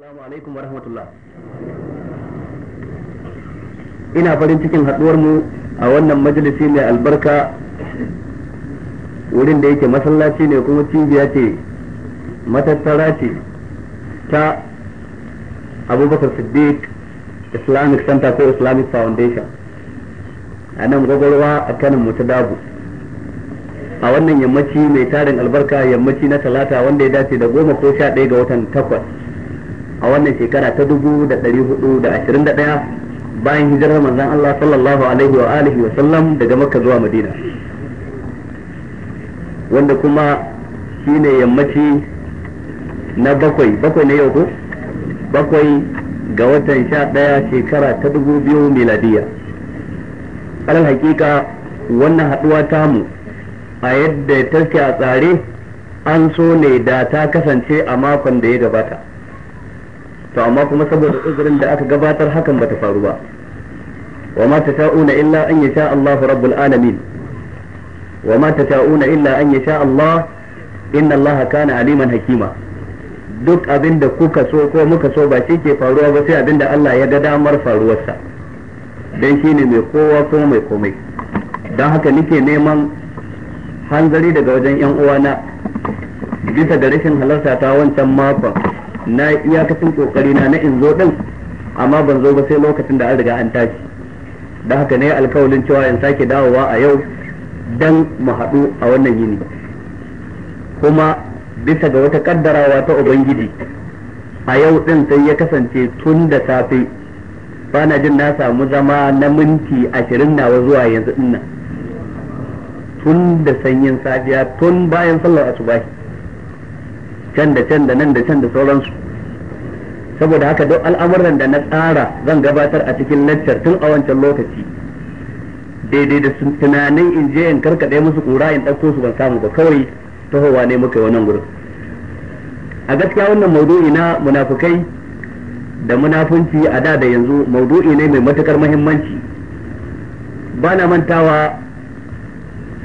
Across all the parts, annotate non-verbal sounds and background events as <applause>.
Assalamu alaikum wa rahmatullah. Ina farin cikin haɗuwar mu a wannan majalisi mai albarka wurin da yake masallaci ne kuma cibiya ce matattara ce ta abubakar siddiq islamic center ko islamic foundation a nan gwagwarwa a kanin mu ta dabu a wannan yammaci mai tarin albarka yammaci na talata wanda ya dace da goma ko sha ɗaya ga watan takwas a wannan shekara ta dubu da ɗari hudu da ashirin da ɗaya bayan hijirar manzon Allah sallallahu alaihi wa alihi wa sallam daga Makka zuwa Madina wanda kuma shine yammaci na bakwai bakwai na yau ko bakwai ga watan sha ɗaya shekara ta dubu biyu miladiya alal hakika wannan haɗuwa tamu a yadda take a tsare an so ne da ta kasance a makon da ya gabata to amma kuma saboda uzurin da aka gabatar hakan bata faru ba wa ma ta'una illa an ya sha Allahu rabbul alamin wa ma ta'una illa an sha Allah inna Allah kana aliman hakima duk abin da kuka so ko muka so ba shi ke faruwa ba sai abin da Allah ya ga damar faruwarsa dan shine mai kowa ko mai komai don haka nake neman hanzari daga wajen yan uwana bisa da rashin halarta ta wancan makon na iyakacin kokari na na in zo din amma ban zo ba sai lokacin da an riga an tashi da haka ne alkawalin cewa in sake dawowa a yau dan mu haɗu a wannan yini kuma bisa ga wata kaddarawa ta ubangiji a yau din sai ya kasance tun da safe bana jin na samu zama na minti ashirin nawa zuwa yanzu dinnan tun da sanyin safiya tun bayan sallar asubahi can da can da nan da can da sauransu saboda haka duk al'amuran da na tsara zan gabatar a cikin laccar tun a wancan lokaci daidai da tunanin in je in karkaɗe musu ƙura in ɗauko su ban samu ba kawai tahowa ne muka yi wannan gurin a gaskiya wannan maudu'i na munafukai da munafunci a da da yanzu maudu'i ne mai matukar muhimmanci ba na mantawa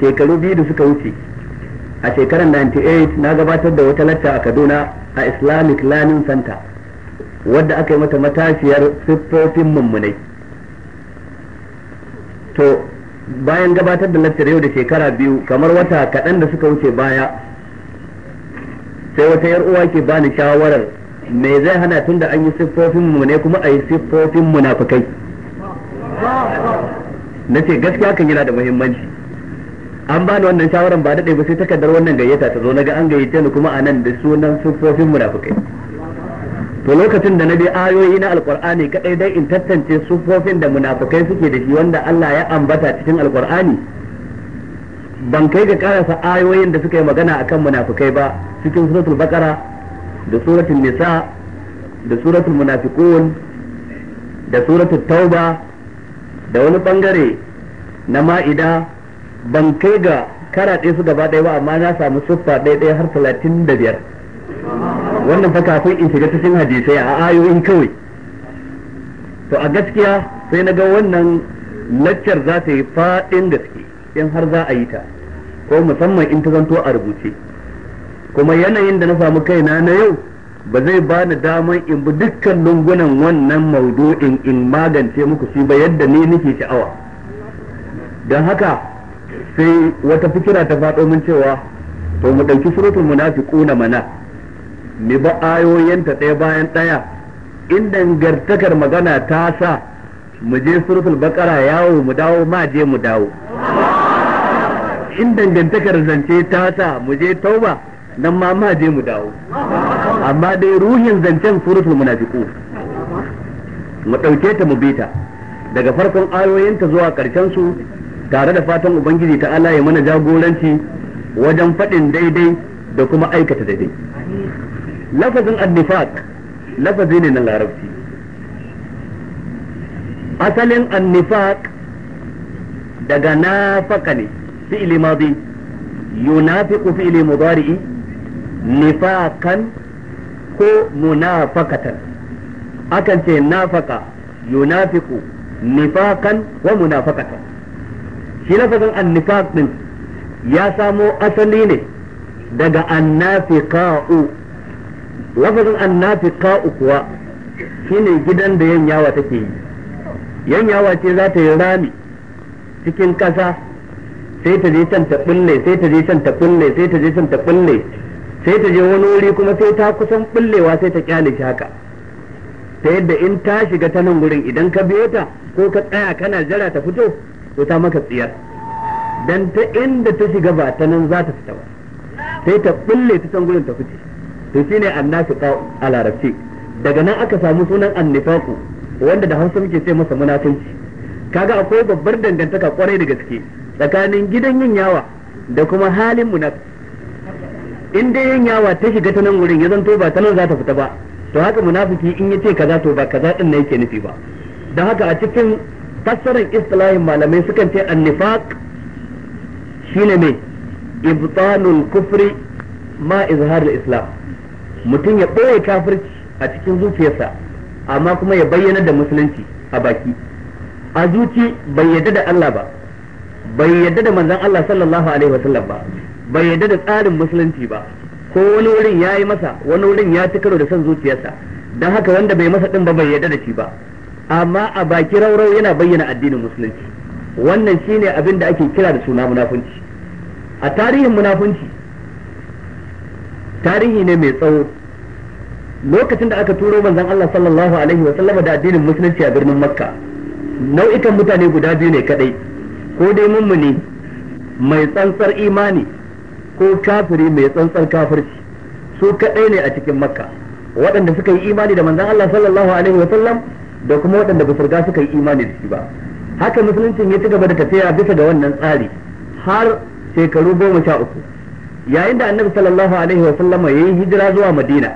shekaru biyu da suka wuce a shekarar 98 na gabatar da wata lacca a Kaduna a Islamic Learning Center wadda aka yi mata matashiyar siffofin mummunai to bayan gabatar da laccar yau da shekara biyu kamar wata kaɗan da suka wuce baya sai wata yar uwa ke bani shawarar me zai hana tun da an yi siffofin mummunai kuma a yi siffofin munafukai na ce gaskiya kan yana da muhimmanci an bani wannan shawarar ba daɗe ba sai takardar wannan gayyata ta zo na ga an gayyace ni kuma a nan da sunan sufofin munafukai to lokacin da na bi ayoyi na alkur'ani kadai dai in tantance sufofin da munafukai suke da shi wanda Allah ya ambata cikin alkur'ani ban kai ga karasa ayoyin da suka yi magana akan munafukai ba cikin suratul baqara da suratul nisa da suratul munafiqun da suratul tauba da wani bangare na ma'ida ban kai ga kara ɗaya su gaba ɗaya ba amma na samu siffa ɗaya ɗaya har talatin da biyar wannan fa kafin in shiga cikin hadisai a ayoyin kawai to a gaskiya sai na ga wannan laccar za ta yi faɗin gaske in har za a yi ta ko musamman in ta zanto a rubuce kuma yanayin da na samu kaina na yau ba zai ba ni daman in bi dukkan lungunan wannan maudu'in in magance muku shi ba yadda ne nake sha'awa don haka sai wata fikira ta faɗo min cewa to mu ɗauki suratul munafiquna mana ni ba ayoyinta ɗaya bayan ɗaya in dangartakar magana ta sa mu je suratul baqara yawo mu dawo ma je mu dawo in dangantakar zance ta sa mu je tauba nan ma ma je mu dawo amma dai ruhin zancen suratul munafiqu mu ɗauke ta mu bita daga farkon ayoyinta zuwa ƙarshen su tare da fatan ubangiji ta ala ya mana jagoranci wajen faɗin daidai da kuma aikata daidai lafazin annifaq lafazi ne na larabci asalin annifaq daga nafaka ne fi madi yunafiqu fi'li mudari'i nifaqan ko munafakatan akan ce nafaka yunafiqu nifaqan wa munafakatan shi lafazin annifaq din ya samo asali ne daga annafiqa'u lafazin annafiqa'u kuwa shine gidan da yanyawa take yi yanyawa ce za ta yi rami cikin kasa sai ta je can ta bulle sai ta je can ta bulle sai ta je can ta bulle sai ta je wani wuri kuma sai ta kusan bullewa sai ta kyale shi haka ta yadda in ta shiga ta nan wurin idan ka biyo ta ko ka tsaya kana jara ta fito sai ta maka tsiyar dan ta inda ta shiga ba ta nan za ta fita ba sai ta bulle ta can ta fice to shine annafiqa a larabci daga nan aka samu sunan annifaqu wanda da Hausa muke ce masa munafinci kaga akwai babbar dangantaka kwarai da gaske tsakanin gidan yin yawa da kuma halin munafiki in dai yin yawa ta shiga ta nan wurin ya zanto ba ta nan za ta fita ba to haka munafiki in ya ce kaza to ba kaza din ne yake nufi ba don haka a cikin fassarar istilahin malamai sukan ce annifaq shine mai ibtalul kufri ma izharul islam mutum ya ɓoye kafirci a cikin zuciyarsa amma kuma ya bayyana da musulunci a baki a zuci bai yadda da Allah ba bai yadda da manzon Allah sallallahu alaihi wasallam ba bai yadda da tsarin musulunci ba ko wani wurin yayi masa wani wurin ya ci karo da son zuciyarsa dan haka wanda bai masa din ba bai yadda da shi ba amma a baki raurau yana bayyana addinin musulunci wannan shine abin da ake kira da suna munafunci a tarihin munafunci tarihi ne mai tsawo lokacin da aka turo manzon Allah sallallahu alaihi wa sallama da addinin musulunci a birnin Makka nau'ikan mutane guda biyu ne kadai ko dai mummuni mai tsantsar imani ko kafiri mai tsantsar kafirci su kadai ne a cikin Makka waɗanda suka yi imani da manzon Allah sallallahu alaihi wa sallam da kuma waɗanda ba riga suka yi imani da shi ba haka musuluncin ya ci gaba da tafiya bisa ga wannan tsari har shekaru goma sha uku yayin da annabi sallallahu alaihi wa sallama ya yi hijira zuwa madina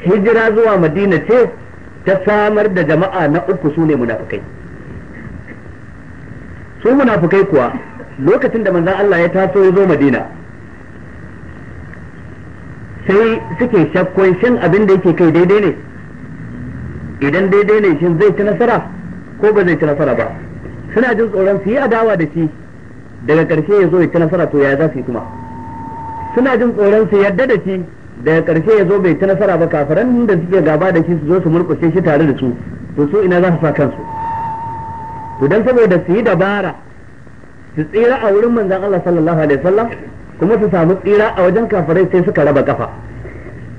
hijira zuwa madina ce ta samar da jama'a na uku su ne munafukai su munafukai kuwa lokacin da manzan Allah ya taso ya zo madina sai suke shakkun shin abin da yake kai daidai ne idan daidai ne shin zai ci nasara ko ba zai ci nasara ba suna jin tsoron su yi adawa da shi daga ƙarshe ya zo ya ci nasara to ya za su yi kuma suna jin tsoron su yarda da shi daga ƙarshe ya zo bai ci nasara ba kafaran da suke gaba da shi su zo su murkushe shi tare da su to su ina za su sa kansu to dan saboda su yi dabara su tsira a wurin manzon Allah sallallahu alaihi wasallam kuma su samu tsira a wajen kafirai sai suka raba kafa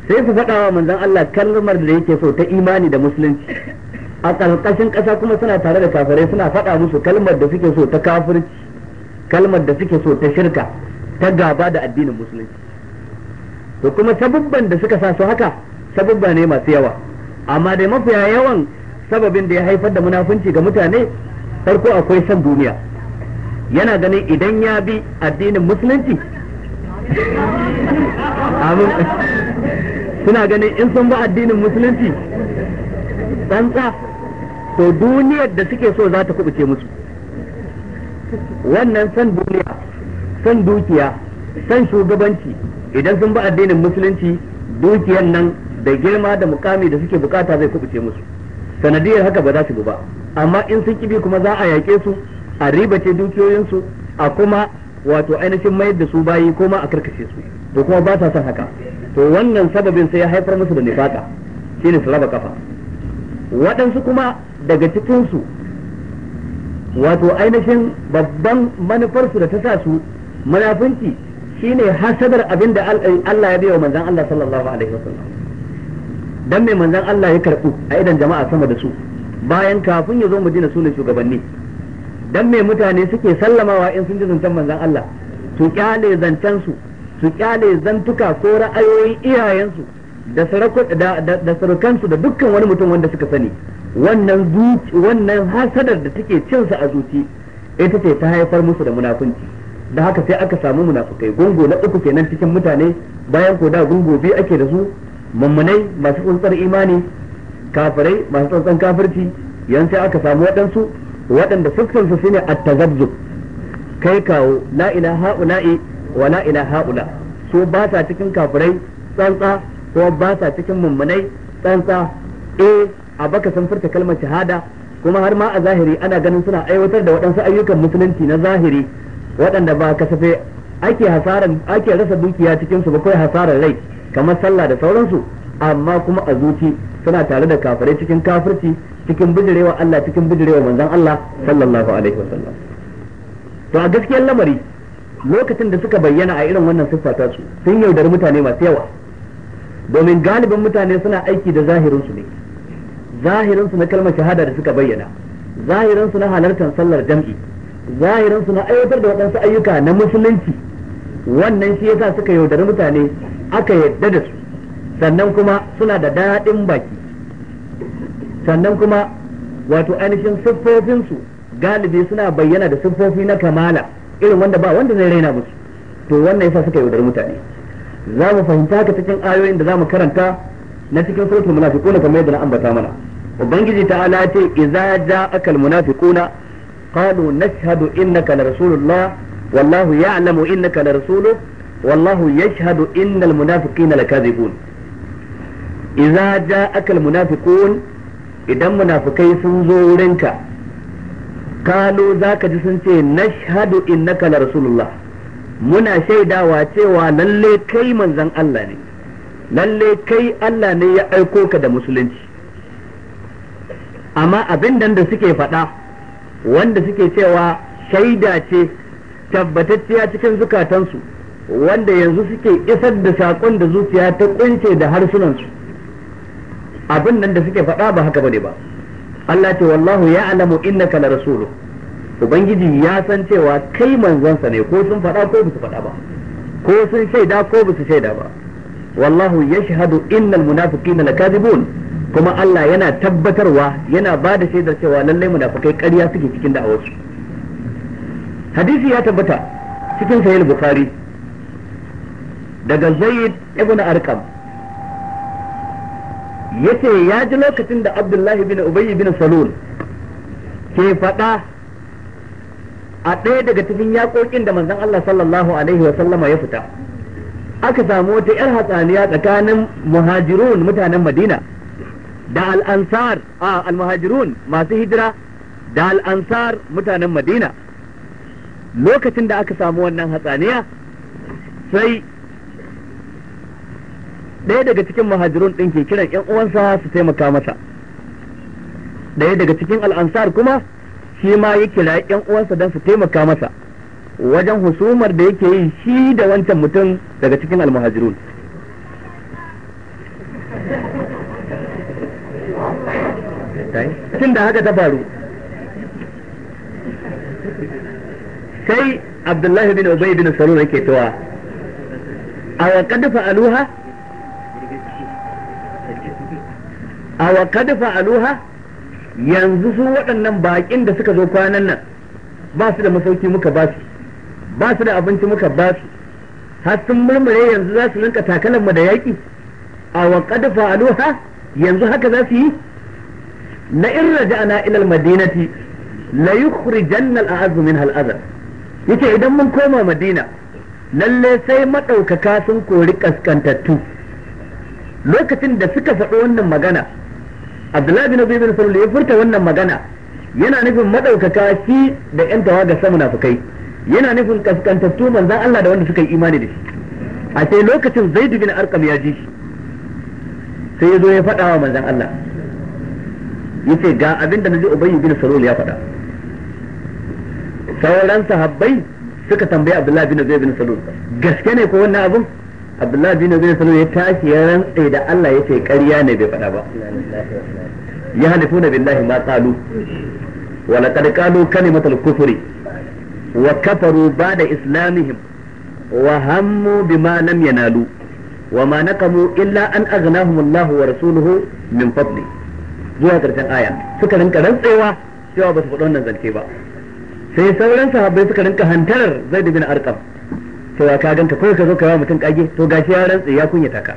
sai su faɗa wa manzon Allah kalmar da yake so ta imani da musulunci a ƙarƙashin ƙasa kuma suna tare da kafirai suna faɗa musu kalmar da suke so ta kafirci kalmar da suke so ta shirka ta gaba da addinin musulunci to kuma sabubban da suka sa su haka sabubba ne masu yawa amma dai mafiya yawan sababin da ya haifar da munafunci ga mutane farko akwai san duniya yana ganin idan ya bi addinin musulunci <laughs> suna ganin in sun ba addinin musulunci tsantsa to duniyar da suke so za ta kubuce musu wannan san duniya san dukiya san shugabanci idan sun ba addinin musulunci dukiyar nan da girma da mukami da suke bukata zai kubuce musu sanadiyar haka ba za su ba amma in sun kibi kuma za a yaƙe su a ribace dukiyoyinsu a kuma wato ainihin mayar da su bayi ko ma a karkashe su to kuma ba ta son haka to wannan sababin sai ya haifar musu da nifaka shine su raba kafa waɗansu kuma daga cikinsu wato ainihin babban manufarsu da ta sa su munafunci shine hasadar abin da Allah ya biya manzan Allah sallallahu alaihi wasallam dan mai manzan Allah ya karbu a idan jama'a sama da su bayan kafin ya zo Madina su ne shugabanni dan mai mutane suke sallamawa in sun ji zancen manzan Allah to kyale zancen su su kyale zantuka ko ra'ayoyin iyayensu da da da dukkan wani mutum wanda suka sani wannan zuci wannan hasadar da take cin sa a zuci ita ce ta haifar musu da munafunci da haka sai aka samu munafukai gungo na uku kenan cikin mutane bayan ko da gungo biyu ake da su mummunai masu tsantsar imani kafirai masu tsantsan kafirci yan sai aka samu waɗansu waɗanda fuskansu shine at-tazabbub kai kawo la ilaha wala ila haula su ba ta cikin kafirai tsantsa ko ba ta cikin mummunai tsantsa eh a baka sun furta kalmar shahada kuma har ma a zahiri ana ganin suna aiwatar da waɗansu ayyukan musulunci na zahiri waɗanda ba kasafe ake hasaran ake rasa dukiya cikin su ba kai hasaran rai kamar sallah da sauransu amma kuma a zuci suna tare da kafirai cikin kafirci cikin bijirewa Allah cikin bijirewa manzon Allah sallallahu alaihi wasallam to a gaskiyar lamari lokacin da suka bayyana a irin wannan siffata su sun yaudari mutane masu yawa domin galibin mutane suna aiki da zahirinsu ne zahirinsu na kalmar shahada da suka bayyana zahirinsu na halartar sallar jam'i zahirinsu na aiwatar da waɗansu ayyuka na musulunci wannan shi yasa suka yaudari mutane aka yadda da su sannan kuma suna da daɗin baki sannan kuma wato ainihin siffofinsu galibi suna bayyana da siffofi na kamala irin wanda ba wanda zai raina musu to wannan yasa suka yaudar mutane za mu fahimta haka cikin ayoyin da za mu karanta na cikin suratul munafiquna kamar yadda na ambata mana ubangiji ta'ala ya ce idza ja'aka al munafiquna qalu nashhadu innaka la rasulullah wallahu ya'lamu innaka la rasuluhu wallahu yashhadu innal munafiqina lakazibun idza ja'aka al munafiqun idan munafikai sun zo wurinka Kalo za ka ji sun ce nashhadu innaka la rasulullah muna shaidawa cewa lalle kai manzon Allah ne lalle kai Allah ne ya aiko ka da musulunci amma abin da suke faɗa wanda suke cewa shaida ce tabbatacciya cikin zukatansu wanda yanzu suke isar da saƙon da zuciya ta kunce da harsunansu abin nan da suke faɗa ba haka bane ba Allah ce wallahu ya alamu innaka la rasulu ubangiji ya san cewa kai manzonsa ne ko sun faɗa ko su faɗa ba ko sun shaida ko ba shaida ba wallahu yashhadu innal munafiqina lakadibun kuma Allah yana tabbatarwa yana ba da shaidar cewa lallai munafikai ƙarya suke cikin da'awarsu hadisi ya tabbata cikin sahih bukhari daga zaid ibn arqam yace ya ji lokacin da Abdullahi bin Ubay bin Salul ke faɗa a ɗaya daga cikin yaƙoƙin da manzon Allah sallallahu alaihi wa sallama ya fita aka samu wata yar hatsaniya tsakanin muhajirun mutanen Madina da al-ansar a al-muhajirun masu hijira da al-ansar mutanen Madina lokacin da aka samu wannan hatsaniya sai ɗaya daga cikin muhajirun ɗin ke kiran ƴan uwansa su taimaka masa ɗaya daga cikin al'ansar kuma shi ma ya kira ƴan uwansa don su taimaka masa wajen husumar da yake yi shi da wancan mutum daga cikin almuhajirun tun da haka ta faru sai abdullahi bin ubay bin salul yake tawa a wakadda fa'aluha a wa kad fa'aluha yanzu su waɗannan baƙin da suka zo kwanan nan ba su da masauki muka ba su ba su da abinci muka ba su har sun murmure yanzu za su rinka da yaƙi a wa kad fa'aluha yanzu haka za su yi la in raja'na ila al-madinati la yukhrijanna al azumin minha al yace idan mun koma madina lalle sai maɗaukaka sun kori kaskantattu lokacin da suka faɗi wannan magana abdullahi bin abi bin salul ya furta wannan magana yana nufin madaukaka shi da yan tawaga sa munafikai yana nufin kaskantattu manzan Allah da wanda suka yi imani da shi a sai lokacin Zaid bin Arqam ya ji shi sai ya zo ya faɗa wa manzan Allah ya ga abin da naji ubayyu bin salul ya faɗa sauran sahabbai suka tambayi abdullahi bin zaid bin salul gaske ne ko wannan abin Abdullahi bin Zubair sallallahu ya tashi ya rantsa da Allah ya ce ƙarya ne bai faɗa ba ya halifuna billahi ma qalu wa laqad qalu kalimatal kufri wa kafaru ba'da islamihim wa hammu bima lam yanalu wa ma naqamu illa an aghnahum Allah wa rasuluhu min fadli zuwa karshen aya suka rinka rantsewa cewa ba su faɗa wannan zance ba sai sauran sahabbai suka rinka hantarar Zaid bin Arqam cewa ka ganta ko ka zo ka yawa mutum kage to gashi ya rantsi ya kunyata ka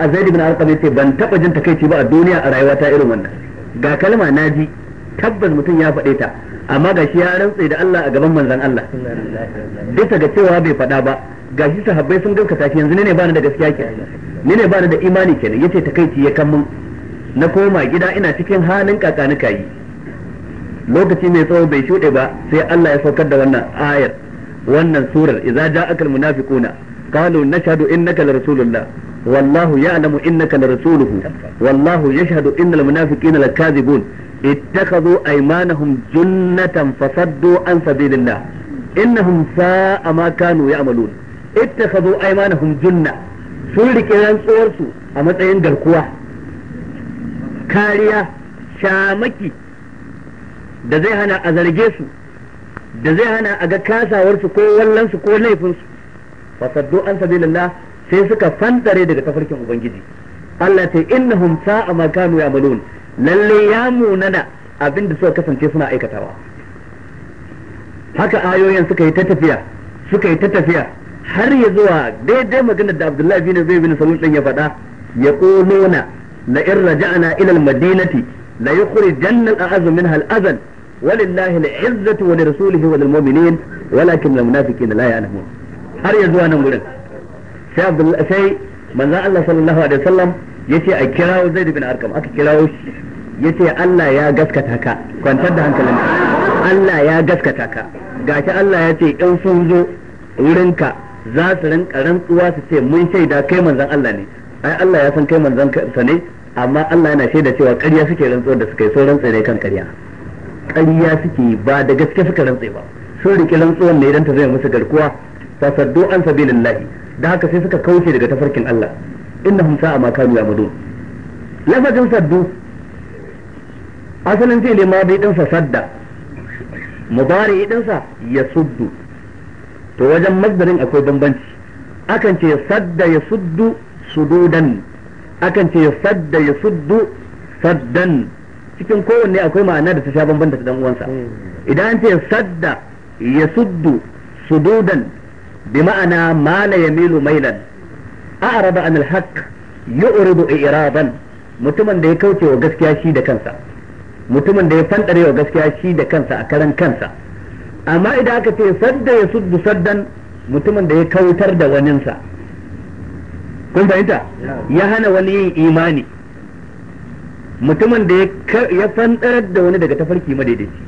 a zaid ibn arqam ce ban taɓa jin takaici ba a duniya a rayuwa ta irin wannan ga kalma ji tabbas mutum ya faɗe ta amma gashi ya rantsa da Allah a gaban manzan Allah duk ga cewa bai faɗa ba gashi sahabbai sun gaskata shi yanzu ne bani da gaskiya ke ni ne bani da imani kenan yace takaici ya kan mun na koma gida ina cikin halin kakanuka yi lokaci mai tsawo bai shuɗe ba sai Allah ya saukar da wannan ayar wannan surar idza ja'akal munafiquna qalu nashhadu innaka larasulullah والله يعلم انك لرسوله والله يشهد ان المنافقين لكاذبون اتخذوا ايمانهم جنة فصدوا عن سبيل الله انهم ساء ما كانوا يعملون اتخذوا ايمانهم sun rike rantsuwarsu a matsayin garkuwa kariya shamaki da zai hana a zarge su da zai hana a ga kasawarsu ko wallansu ko laifinsu saddu an sabilillah sai suka fantare daga tafarkin ubangiji Allah ta innahum sa'a ma kanu ya'malun lalle ya munana abinda suka kasance suna aikatawa haka ayoyin suka yi ta tafiya suka yi ta tafiya har ya zuwa daidai maganar da Abdullahi bin Ubay bin Salul din ya faɗa ya quluna la in raja'na ila al-madinati la yukhrijanna al a minha al-azal walillahi al'izzatu wa lirasulihi wa lilmu'minin walakin almunafiqina la ya'lamun har yanzu wannan gurin sai Abdullah sai manzon Allah sallallahu alaihi wasallam yace a kirawo Zaid bin Arqam aka kirawo shi yace Allah ya gaskata ka kwantar da hankalinka Allah ya gaskata ka gashi Allah ya ce in sun zo wurinka za su rinka rantsuwa su ce mun shaida kai manzon Allah ne ai Allah ya san kai manzon sa ne amma Allah yana shaida cewa ƙarya suke rantsuwar da suka yi sun rantsa ne kan ƙarya ƙariya suke ba da gaske suka rantse ba sun riƙe rantsuwan ne idan ta zai musu garkuwa fasaddu an lahi da haka sai suka kauce daga tafarkin Allah innahum sa'a ma kanu ya'malun lafazin saddu asalin zai ma bai dinsa sadda mudari dinsa suddu to wajen masdarin akwai bambanci akan ce sadda ya suddu sududan akan ce sadda ya suddu saddan cikin kowanne akwai ma'ana da ta sha bamban da dan uwansa hmm. idan an ce sadda ya suddu sududan bi ma'ana ma la yamilu mailan a'rada an al-haqq yu'ridu i'raban mutumin da ya kauce wa gaskiya shi da kansa mutumin da ya fandare wa gaskiya shi da kansa a karan kansa amma idan aka ce sadda ya suddu saddan mutumin da ya kautar da waninsa kun fahimta ya hana wani yin imani mutumin da ya fandarar da wani daga tafarki madaidaici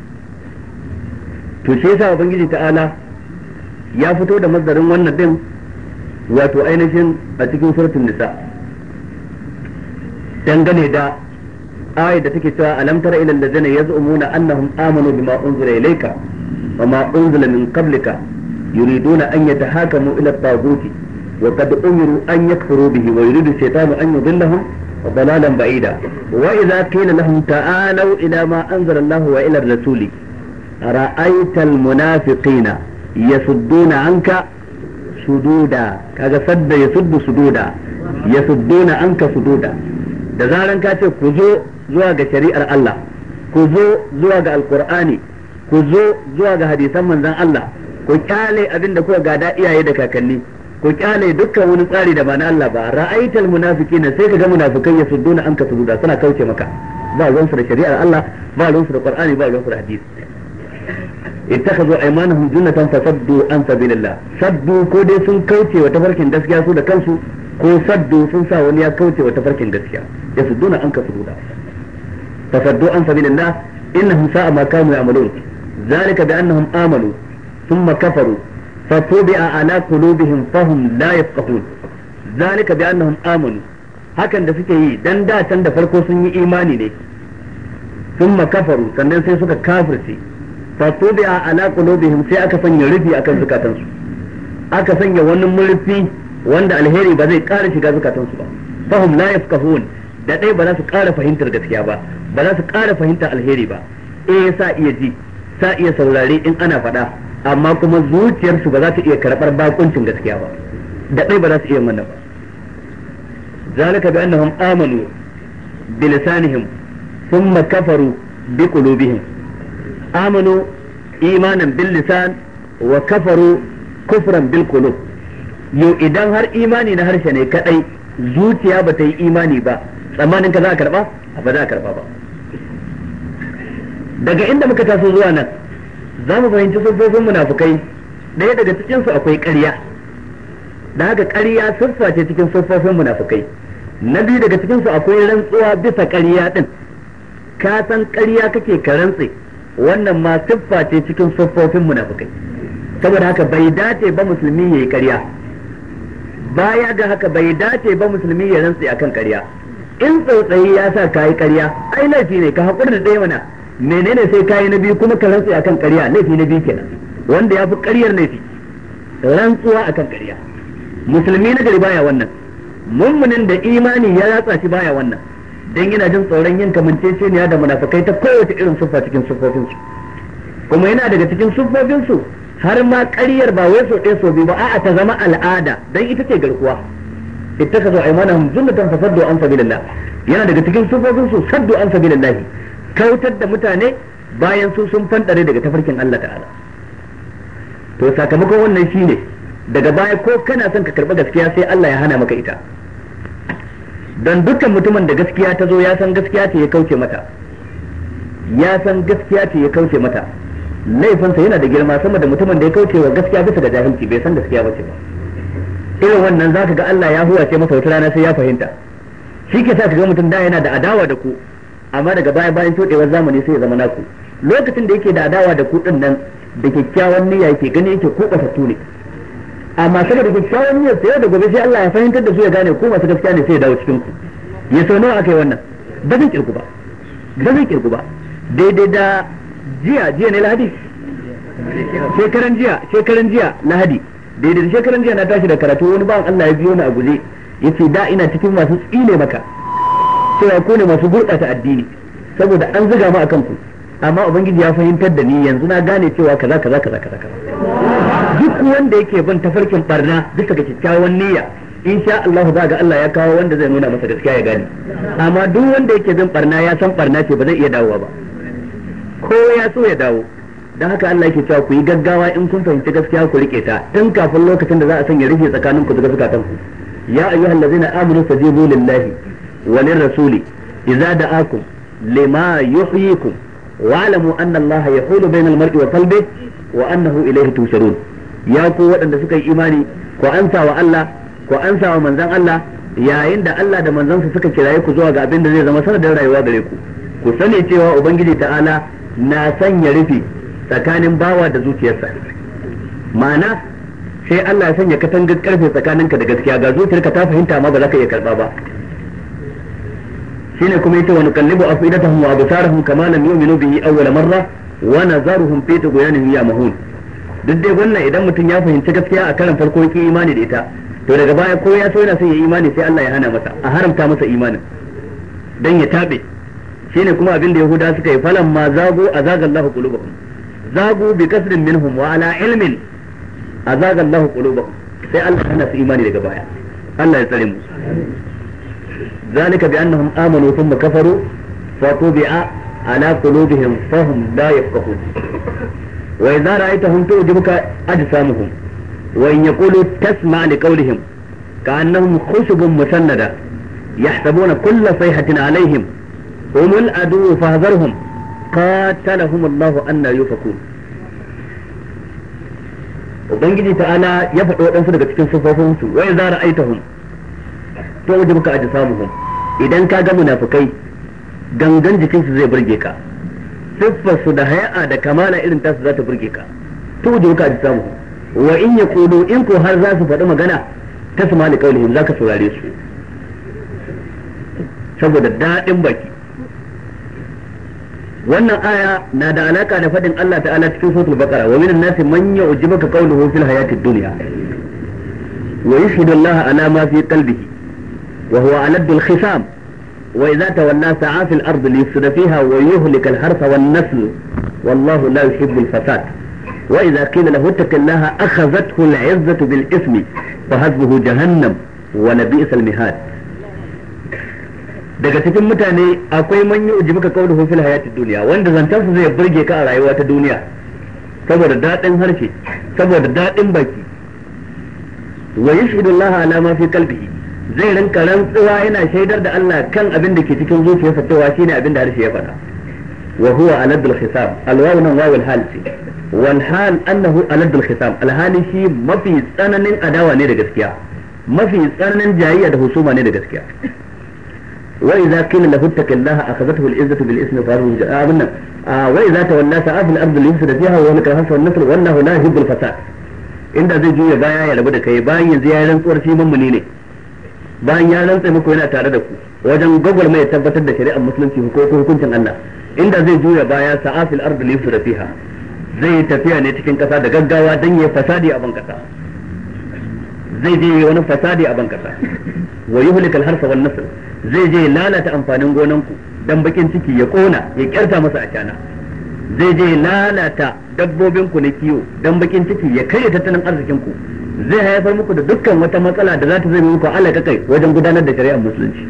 to shi yasa ubangiji ta'ala ya fito da mazarin wannan din wato ainihin a cikin suratul nisa dangane da ayat da take cewa alam tara ila allazina yaz'umuna annahum amanu bima unzila ilayka ma unzila min qablika yuriduna an yatahakamu ila at-taghut wa qad umiru an yakfuru bihi wa yuridu shaytanu an yudillahum ضلالا بعيدا وإذا قيل لهم تعالوا إلى ما أنزل الله وإلى الرسول رأيت المنافقين يصدون عنك sududa kaga sadda ya suddu sududa ya sudduna da zaran ka ce ku zo zuwa ga shari'ar Allah ku zo zuwa ga alkur'ani ku zo zuwa ga hadisan manzon Allah ku kyale abin da kuka gada iyaye da kakanni ku kyale dukkan wani tsari da ba na Allah ba ra'aital munafiqina sai ka ga munafikai ya sudduna anka sududa suna kauce maka ba ruwansu da shari'ar Allah ba ruwansu da Qur'ani ba ruwansu da hadisi ittakhadhu aymanahum junnatan fasaddu an sabilillah saddu ko dai sun kauce wa tafarkin gaskiya su da kansu ko saddu sun sa wani ya kauce wa tafarkin gaskiya ya sudduna anka sududa fasaddu an sabilillah innahum sa'a ma kanu ya'malun zalika bi annahum amalu thumma kafaru فطبع على قلوبهم فهم لا يفقهون ذلك بأنهم آمنوا hakan da suke yi dan da can da farko sun yi imani ne sun kafaru sannan sai suka kafirce fa tubi'a ala sai aka sanya rufi akan zukatansu aka sanya wani murfi wanda alheri ba zai ƙara shiga zukatansu ba fahum la yafqahun da dai ba za su ƙara fahimtar gaskiya ba ba za su ƙara fahimtar alheri ba eh sa iya ji sa iya saurare in ana faɗa amma kuma zuciyarsu ba za ta iya karɓar bakuncin gaskiya ba da ɗai ba za su iya mana ba zalika bi annahum amanu bi lisanihim thumma kafaru bi qulubihim amanu imanan bil lisan wa kafaru kufran bil qulub yo idan har imani na harshe ne kadai zuciya ba ta yi imani ba tsammanin ka za a karba ba za a karba ba daga inda muka taso zuwa nan za mu fahimci siffofin munafukai ɗaya daga cikinsu akwai ƙarya da haka ƙarya sassa ce cikin siffofin munafukai na biyu daga cikinsu akwai rantsuwa bisa ƙarya ɗin ka san ƙarya kake ka rantse wannan ma siffa ce cikin siffofin munafukai saboda haka bai dace ba musulmi ya yi ƙarya baya ga haka bai dace ba musulmi ya rantse akan ƙarya in tsautsayi ya sa ka yi ƙarya ai laifi ne ka haƙura da ɗaya mana menene sai kayi na biyu kuma ka rantsi akan ƙarya laifi na biyu kenan wanda ya fi ƙaryar laifi rantsuwa akan ƙarya musulmi na gari baya wannan mummunin da imani ya ratsa shi baya wannan dan yana jin tsoron yin ne da munafikai ta kowace irin siffa cikin siffofinsu kuma yana daga cikin siffofinsu har ma ƙaryar ba wai so ɗaya so biyu ba a'a ta zama al'ada dan ita ce garkuwa zo a aymanahum junnatan fasaddu an sabilillah yana daga cikin siffofinsu saddu an sabilillah kautar da mutane bayan su sun fandare daga tafarkin Allah ta'ala to sakamakon wannan shine daga baya ko kana son ka karba gaskiya sai Allah ya hana maka ita don dukkan mutumin da gaskiya ta zo ya san gaskiya ce ya kauce mata ya san gaskiya ce ya kauce mata laifinsa yana da girma sama da mutumin da ya kauce wa gaskiya bisa ga jahilci bai san gaskiya ba ce ba irin wannan zaka ga Allah ya huwace masa wata rana sai ya fahimta shi ke sa ka ga mutum da yana da adawa da ku amma daga baya bayan todewar zamani sai ya zama naku lokacin da yake da adawa da ku din nan da kyakkyawan niyya yake gani yake ko kasatu ne amma saboda kyakkyawan niyya sai da gobe sai Allah ya fahimtar da su ya gane ko masu gaskiya ne sai ya dawo cikin ku ya so nawa aka yi wannan ba zan kirku ba ba zan kirku ba daidai da jiya jiya ne lahadi shekaran jiya shekaran jiya lahadi daidai da shekaran jiya na tashi da karatu wani bawan Allah ya biyo ni a guje yace da ina cikin masu tsile maka cewa ku ne masu gurɗata addini saboda an zuga mu akan ku amma ubangiji ya fahimtar da ni yanzu na gane cewa kaza kaza kaza kaza duk wanda yake bin tafarkin barna bisa ga kyakkyawan niyya insha Allah za ga Allah ya kawo wanda zai nuna masa gaskiya ya gane amma duk wanda yake bin barna ya san barna ce ba zai iya dawowa ba ko ya so ya dawo dan haka Allah yake cewa ku yi gaggawa in kun fahimci gaskiya ku rike ta tun kafin lokacin da za a sanya rufe tsakanin ku da zukatan ku ya ayyuhallazina amanu fajibu lillahi walin rasuli idza da'akum lima yuhyikum wa'lamu anna Allah yahulu bainal mar'i wa qalbi wa annahu ilayhi tusharun ya ku waɗanda suka yi imani ku ansa wa Allah ku ansa wa manzan Allah yayin da Allah da manzansa suka kiraye ku zuwa ga abin da zai zama sanadin rayuwa gare ku ku sani cewa ubangiji ta'ala na sanya rufi tsakanin bawa da zuciyarsa ma'ana sai Allah ya sanya katangar karfe tsakaninka da gaskiya ga zuciyarka ta fahimta amma ba za ka iya karba ba shine kuma yace wa nuqallibu afidatahum wa absarahum kama lam yu'minu bihi awwal marra wa nazaruhum fi tughyanihim ya mahun duk dai wannan idan mutum ya fahimci gaskiya a karan farko yake imani da ita to daga baya ko ya so yana son ya imani sai Allah ya hana masa a haramta masa imanin dan ya tabe shine kuma abin da yahuda suka yi falan ma zago azagallahu qulubahum zago bi kasrin minhum wa ala ilmin azagallahu qulubahum sai Allah ya hana su imani daga baya Allah ya tsare mu ذلك بأنهم آمنوا ثم كفروا فطبع على قلوبهم فهم لا يفقهون وإذا رأيتهم تعجبك أجسامهم وإن يقولوا تسمع لقولهم كأنهم خشب مسندة يحسبون كل صيحة عليهم هم العدو فهذرهم قاتلهم الله أن يفكون ubangiji ta'ala ya faɗi waɗansu daga cikin sufofinsu wa idza to idan ka ga munafukai gangan jikinsu zai burge ka siffarsu da haya'a da kamala irin tasu za ta burge ka to da ka ji samu wa in ya kudu in ko har za su faɗi magana ta su mali kaulihim za ka saurare su saboda daɗin baki wannan aya na da alaka da faɗin Allah ta'ala cikin suratul baqara wa minan nasi man yu'jibuka qawluhu fil hayatid dunya wa yashhadu Allah ala ma fi qalbihi وهو ألد الخصام وإذا تولى سعى في الأرض ليفسد فيها ويهلك الحرث والنسل والله لا يحب الفساد وإذا قيل له اتق الله أخذته العزة بالإثم فحسبه جهنم ولبئس المهاد daga cikin mutane akwai man yi uji maka kauluhu fil hayati duniya wanda zantarsa zai burge ka a rayuwa ta duniya saboda daɗin harshe saboda daɗin baki wa yashhadu Allah ala ma fi qalbihi zai rinka rantsuwa yana shaidar da Allah kan abin da ke cikin zuciyarsa cewa shine abin da harshe ya faɗa wa huwa aladul hisab alwawu nan wawul hal ce wal hal annahu aladul hisab alhali shi mafi tsananin adawa ne da gaskiya mafi tsananin jayayya da husuma ne da gaskiya wa idza qila lahu taqillaha akhadathu al-izzatu bil ismi fa ruja ah, abin nan ah, wa idza tawalla sa'a fil ardi yusra fiha wa laka hasu an-nasr annahu la yuhibbul fasad inda zai juya baya ya rabu da kai bayan yanzu ya rantsuwar shi mummuni ne bayan ya rantsa muku yana tare da ku wajen gogol mai tabbatar da shari'ar musulunci ko hukuncin Allah inda zai juya baya sa'afil ardu li fiha zai tafiya ne cikin kasa da gaggawa dan ya fasadi a ban zai je wani fasadi a ban wa yuhlikal harsa wan nasl zai je lalata amfanin gonanku dan bakin ciki ya kona ya kyarta masa a cana zai je lalata dabbobinku na kiyo dan bakin ciki ya karya tattalin arzikinku zai haifar muku da dukkan wata matsala da za ta zai muku alaka kai wajen gudanar da shari'ar musulunci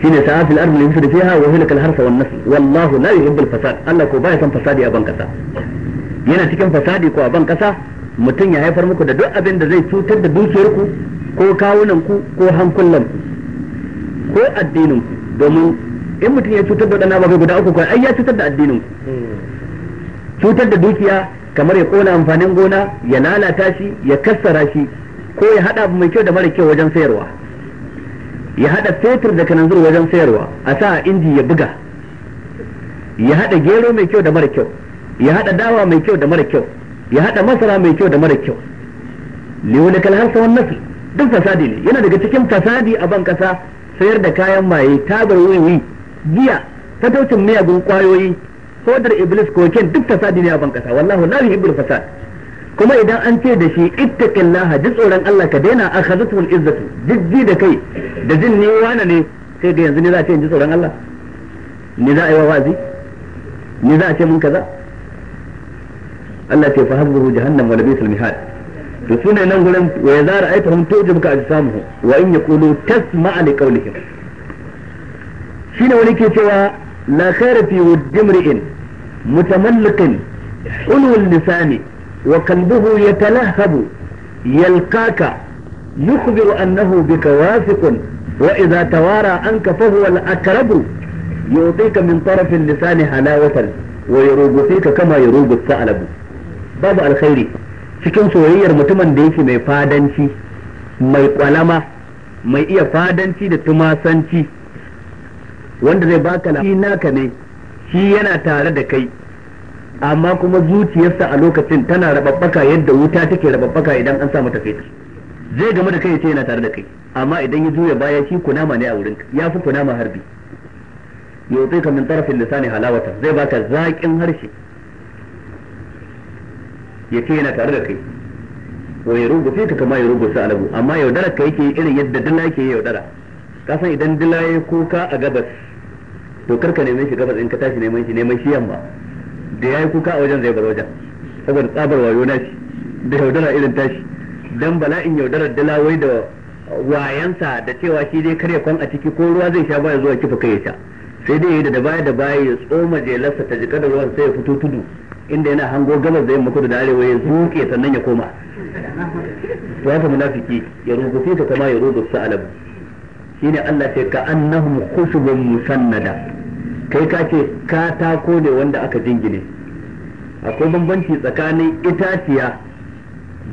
Shi ne sa'afi fil ardi yufsidu fiha wa yuhlika harsa wa nasl wallahu la yuhibbu al fasad Allah ko baya son fasadi a ban kasa yana cikin fasadi ko a ban kasa mutum ya haifar muku da duk abin da zai cutar da dukiyarku ko kawunanku ko hankulanku ko addininku domin in mutum ya cutar da ba bai guda uku kawai ai ya cutar da addininku hmm. cutar da dukiya kamar ya kona amfanin gona ya lalata shi ya kassara shi ko ya hada mai kyau da mara kyau wajen sayarwa ya hada fetur da kananzir wajen sayarwa a sa inji ya buga ya hada gero mai kyau da mara kyau ya hada dawa mai kyau da mara kyau ya hada masara mai kyau da mara kyau da kalhar wan nasl duk fasadi ne yana daga cikin fasadi a ban kasa sayar da kayan maye tabar wiwi giya ta miyagun kwayoyi sodar iblis koken duk fasadi ne a bankasa kasa wallahu la yuhibbul fasad kuma idan an ce da shi ittaqillaha ji tsoron Allah ka daina akhadatul izzatu jiji da kai da jin ni wani ne sai da yanzu ne za a ce ji tsoron Allah ni za a yi wazi ni za a ce mun kaza Allah ce fa jahannam wa labisul mihad to sune nan gurin wa yazara aitahum tujibuka ajsamuhu wa in yaqulu tasma'a liqawlihim shine wani ke cewa لا خير في ود امرئ متملق حلو اللسان وقلبه يتلهب يلقاك يخبر أنه بك واثق وإذا توارى عنك فهو الأقرب يعطيك من طرف اللسان حلاوة ويروب فيك كما يروب الثعلب باب الخير cikin soyayyar mutumin da yake mai fadanci mai kwalama mai iya fadanci da tumasanci wanda zai baka lafiya naka ne shi yana tare da kai amma kuma zuciyarsa a lokacin tana rababbaka yadda wuta take rababbaka idan an sa mata fetur zai game da kai ya ce yana tare da kai amma idan ya juya baya shi kunama ne a wurin ya fi kunama harbi yau ka min tarafin lisani halawata zai baka zaƙin harshe ya ce yana tare da kai wa ya rubu sai ka kama ya rubu alabu amma yaudara ka yake irin yadda dila yake yaudara kasan idan dila ya kuka a gabas to karka neman shi gabas in ka tashi neman shi neman shi yamma da yayi kuka a wajen zai bar wajen saboda tsabar wayo na shi da yaudara irin tashi dan bala in yaudara da lawai da wayansa da cewa shi dai karya kwan a ciki ko ruwa zai sha baya zuwa kifa kai ya sha sai dai da baya da baya ya tsoma jelarsa ta jika da ruwan sai ya fito tudu inda yana hango gabas da yamma kudu da arewa ya zuke sannan ya koma to haka munafiki ya rubuce ta kama ya rubuta sa'alab shine Allah ce ka annahum khushubun musannada kai ka ce katako ne wanda aka jingine akwai bambanci tsakanin itaciya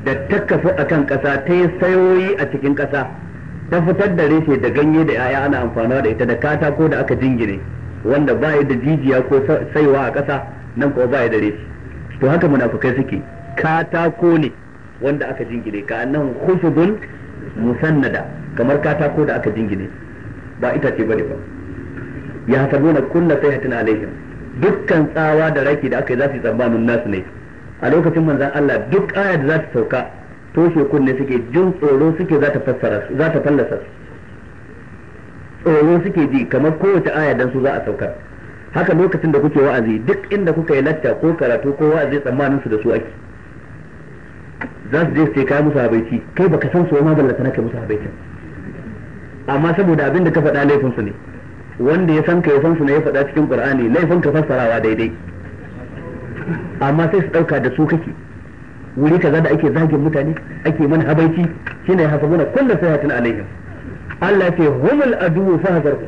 da ta kafi a kan ƙasa ta yi sayoyi a cikin ƙasa ta fitar da reshe da ganye da 'ya'ya ana amfana da ita da katako da aka jingine wanda ba da jijiya ko saiwa a ƙasa nan ko ba da reshe to haka munafukai suke katako ne wanda aka jingine ka nan husudun musannada kamar katako da aka jingine ba itace bane ba ya kunna sai hatin alaihim dukkan tsawa da raki da aka yi za su yi tsammanin nasu ne a lokacin manzan Allah duk aya da za ta sauka toshe kunne suke jin tsoro suke za ta fassara su za ta fallasa su tsoro suke ji kamar kowace aya dan su za a saukar haka lokacin da kuke wa'azi duk inda kuka yi latta ko karatu ko wa'azi tsammanin su da su ake za su je su ce kai musu habaici kai baka san su ma ballata naka musu habaici amma saboda abin da ka faɗa laifin su ne wanda ya san ka ya san su ne ya faɗa cikin qur'ani laifin ka fassarawa daidai amma sai su ɗauka da su kake wuri kaza da ake zagin mutane ake mana habaici shine muna kullu sayhatin alaihim Allah ce humul adu fa hazarku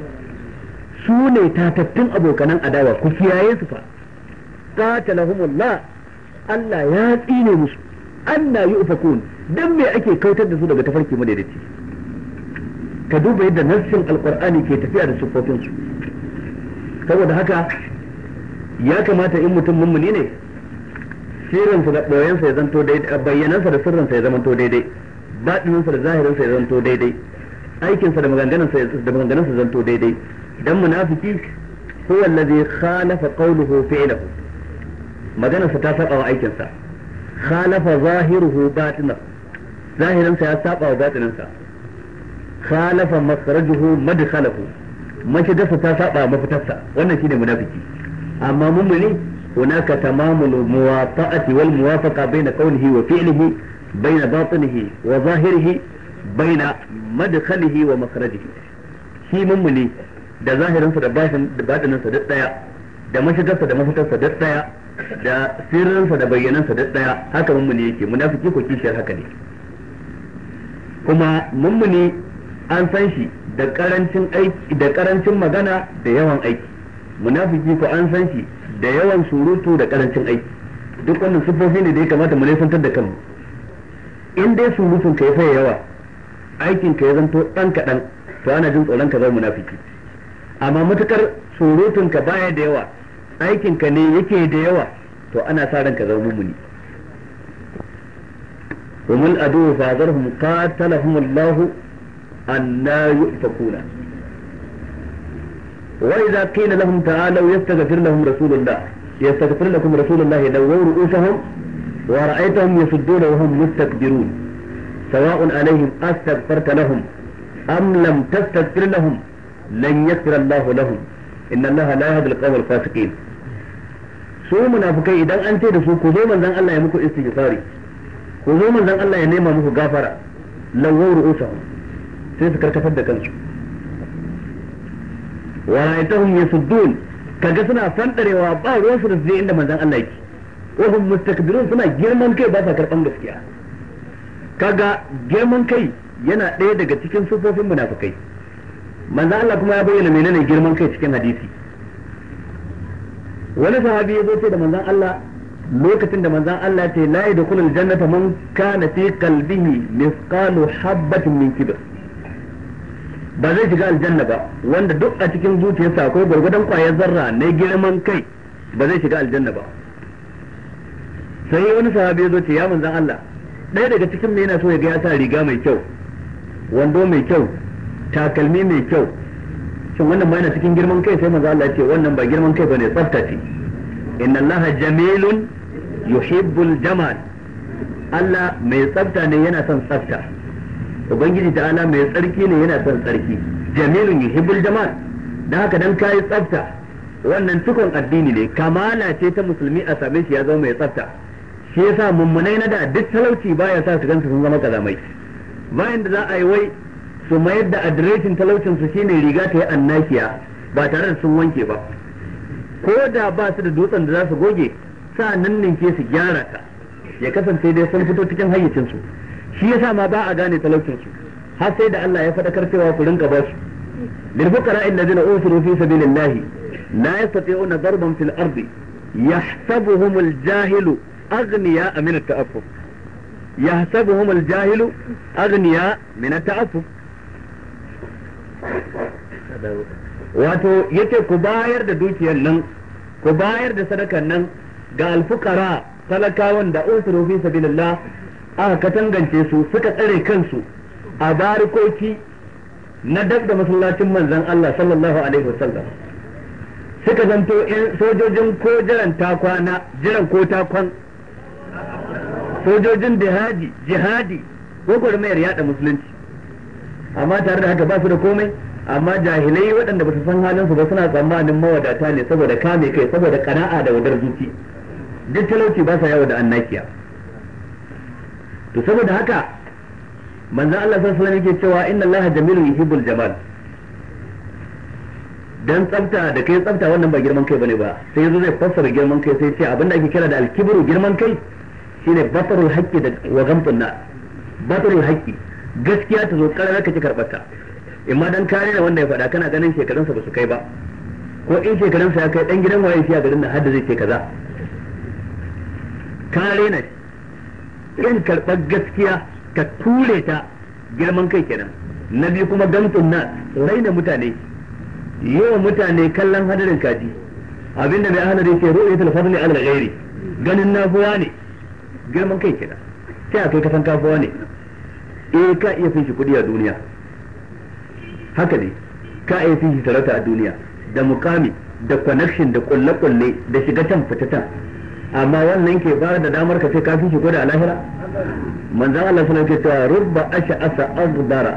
su ne tatattun abokanan adawa ku kiyaye su fa qatalahumullah Allah ya tsine musu anna yufakun dan me ake kautar da su daga tafarki madaidaici ka duba yadda nassin alkur'ani ke tafiya da siffofinsu saboda haka ya kamata in mutum mummuni ne sirrinsa da ɓoyensa ya zanto daidai bayyanansa da sirrinsa ya zamanto daidai baɗininsa da zahirinsa ya zanto daidai aikinsa da maganganansa da maganganansa ya zanto daidai dan munafiki huwa allazi khalafa qawluhu fi'luhu maganarsa ta saba wa aikinsa khalafa zahiruhu batinahu zahirinsa ya saba wa khalafa makhrajuhu madkhalahu mashigarsa ta saba mafitarsa wannan shine munafiki amma mun mummuni hunaka tamamul muwafaqati wal muwafaqa baina qawlihi wa fi'lihi baina batinihi wa zahirihi baina madkhalihi wa makhrajihi shi mun mummuni da zahirinsa da bashin da batininsa da daya da mashigarsa da mafitarsa da daya da sirrinsa da bayyanansa da daya haka mun mummuni yake munafiki ko kishiyar haka ne kuma mummuni an san shi da karancin aiki da karancin magana da yawan aiki munafiki ko an san shi da yawan surutu da karancin aiki duk wannan siffofi ne da ya kamata mu nisantar da kanmu in dai surutun ka ya yawa aikin ka ya zanto dan kaɗan to ana jin tsoron ka zama munafiki amma matukar surutun ka baya da yawa aikin ka ne yake da yawa to ana sa ranka zama mumuni ومن أدوه فأذرهم قاتلهم الله أن لا يؤفكون وإذا قيل لهم تعالوا يستغفر لهم رسول الله يستغفر لكم رسول الله لووا رؤوسهم ورأيتهم يصدون وهم مستكبرون سواء عليهم أستغفرت لهم أم لم تستغفر لهم لن يغفر الله لهم إن الله لا يهدي القوم الفاسقين su munafukai idan an ce da su ku zo manzon Allah ya muku istighfari ku zo manzon Allah ya nema muku gafara sai su karkatar da kansu wa ra'aytahum yasuddun kaga suna fandarewa ba ruwan su da zai je inda manzon Allah yake wa hum mustakbirun suna girman kai ba sa karban gaskiya kaga girman kai yana ɗaya daga cikin sufofin munafikai manzon Allah kuma ya bayyana menene girman kai cikin hadisi wani sahabi ya zo ce da manzon Allah lokacin da manzon Allah ya ce la yadkhulul jannata man kana fi qalbihi mithqalu habatin min kibr ba zai shiga aljanna ba wanda duk a cikin zuciyarsa akwai gwargwadon kwayar zarra na girman kai ba zai shiga aljanna ba sai wani sahabi ya zo ce ya manzan Allah ɗaya daga cikin mai yana so ya ga ya sa riga mai kyau wando mai kyau takalmi mai kyau shin wannan ma yana cikin girman kai sai manzan Allah ya ce wannan ba girman kai bane tsafta ce inna allaha jamilun yuhibbul jamal Allah mai tsafta ne yana son tsafta ubangiji ala mai tsarki ne yana son tsarki jamilun yuhibbul jamal dan haka dan kai tsafta wannan tukun addini ne kamala ce ta musulmi a same shi ya zama mai tsafta shi yasa mummunai na da duk talauci baya sa su gansu sun zama kazamai bayan da za a yi wai su mayar da adireshin talaucin su shine riga ta yi annakiya ba tare da sun wanke ba ko da ba su da dutsen da za su goge sa nan ninke su gyara ta ya kasance dai sun fito cikin hayyacin su shi yasa ma ba a gane talaucin su har sai da Allah ya fadakar cewa ku rinka ba su lil fuqara alladhina usiru fi sabilillahi la yastati'una darban fil ardi yahsabuhum al-jahilu aghniya min at-ta'affuf yahsabuhum al-jahilu aghniya min at-ta'affuf wato yace ku bayar da dukiyar nan ku bayar da sadakan nan ga alfukara talakawan da usiru fi sabilillah aka katangance su suka tsare kansu a barikoki na dab masallacin manzon Allah sallallahu alaihi wasallam suka zanto in sojojin ko jiran takwana jiran ko takwan sojojin jihadi jihadi gwagwarmayar yada musulunci amma tare da haka ba su da komai amma jahilai waɗanda ba su san halin su ba suna tsammanin mawadata ne saboda kame kai saboda kana'a da wadar zuci duk talauci ba sa yawo da annakiya to saboda haka manzon Allah sallallahu alaihi wasallam yake cewa inna Allah jamilu yuhibbul jamal dan tsafta da kai tsafta wannan ba girman kai bane ba sai yazo zai fassara girman kai sai ce abinda ake kira da alkibru girman kai shine batarul haqqi da wa gamtun na batarul haqqi gaskiya ta zo karar ka ci in imma dan kare ne wanda ya faɗa kana ganin shekarunsa ba su kai ba ko in shekarunsa ya kai dan gidan waye shi a garin nan hadda zai ce kaza kare na kin karɓar gaskiya ka ture ta girman kai kenan na biyu kuma gamtun na raina mutane yawan mutane kallon hadarin kaji abinda mai ahana yake ru'ayat al ne ala gairi ganin na kowa ne girman kai kenan sai a kai kasan kafuwa ne eh ka iya fi shi kudi a duniya haka ne ka iya fi shi sarauta a duniya da mukami da connection da kulle-kulle da shiga can fita amma wannan ke bayar da damar ka ce kafin shi ko da alahira manzon Allah sallallahu alaihi wasallam rubba ash'asa aghdara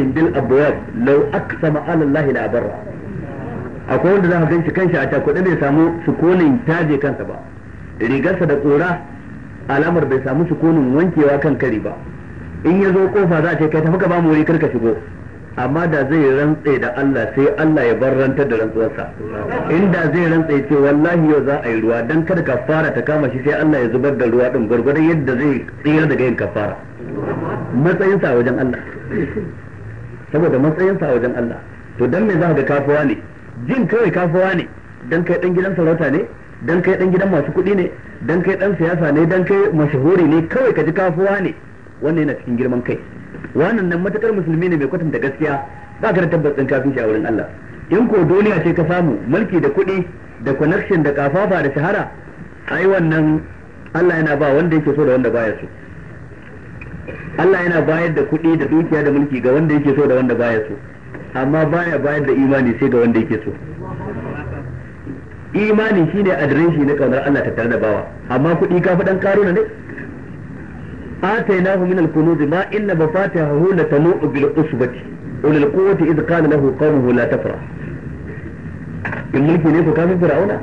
in bil abwab law aqsama ala Allah la barra akwai wanda za ka ganci kanshi a takwade bai samu sukunin taje kansa ba rigarsa da tsora alamar bai samu sukunin wankewa kan kari ba in ya zo kofa za a ce kai tafi ka ba mu wuri karka shigo amma da zai rantse da Allah sai Allah ya bar ranta da rantsuwarsa inda zai rantse ce wallahi yau za a yi ruwa dan kada kafara ta kama shi sai Allah ya zubar da ruwa din gurgurdan yadda zai tsira daga yin kafara matsayinsa wajen Allah saboda sa wajen Allah to dan me za ka kafawa ne jin kawai kafawa ne dan kai dan gidan sarauta ne dan kai dan gidan masu kuɗi ne dan kai dan siyasa ne dan kai mashahuri ne kawai ka ji kafawa ne wannan yana cikin girman kai wannan nan matakar musulmi ne mai kwatanta gaskiya ba ka da tabbacin kafin shi a wurin Allah in ko duniya ce ka samu mulki da kuɗi da connection da kafafa da shahara ai wannan Allah yana ba wanda yake so da wanda baya so Allah yana bayar da kuɗi da dukiya da mulki ga wanda yake so da wanda baya so amma baya bayar da imani sai ga wanda yake so imani shine adireshi na kaunar Allah tare da bawa amma kuɗi ka fi dan karo ne آتيناه من الكنوز ما إن مفاتحه لتنوء بالعصبة أولي القوة إذ قال له قومه لا تفرح in mulki ne ko kafin fir'auna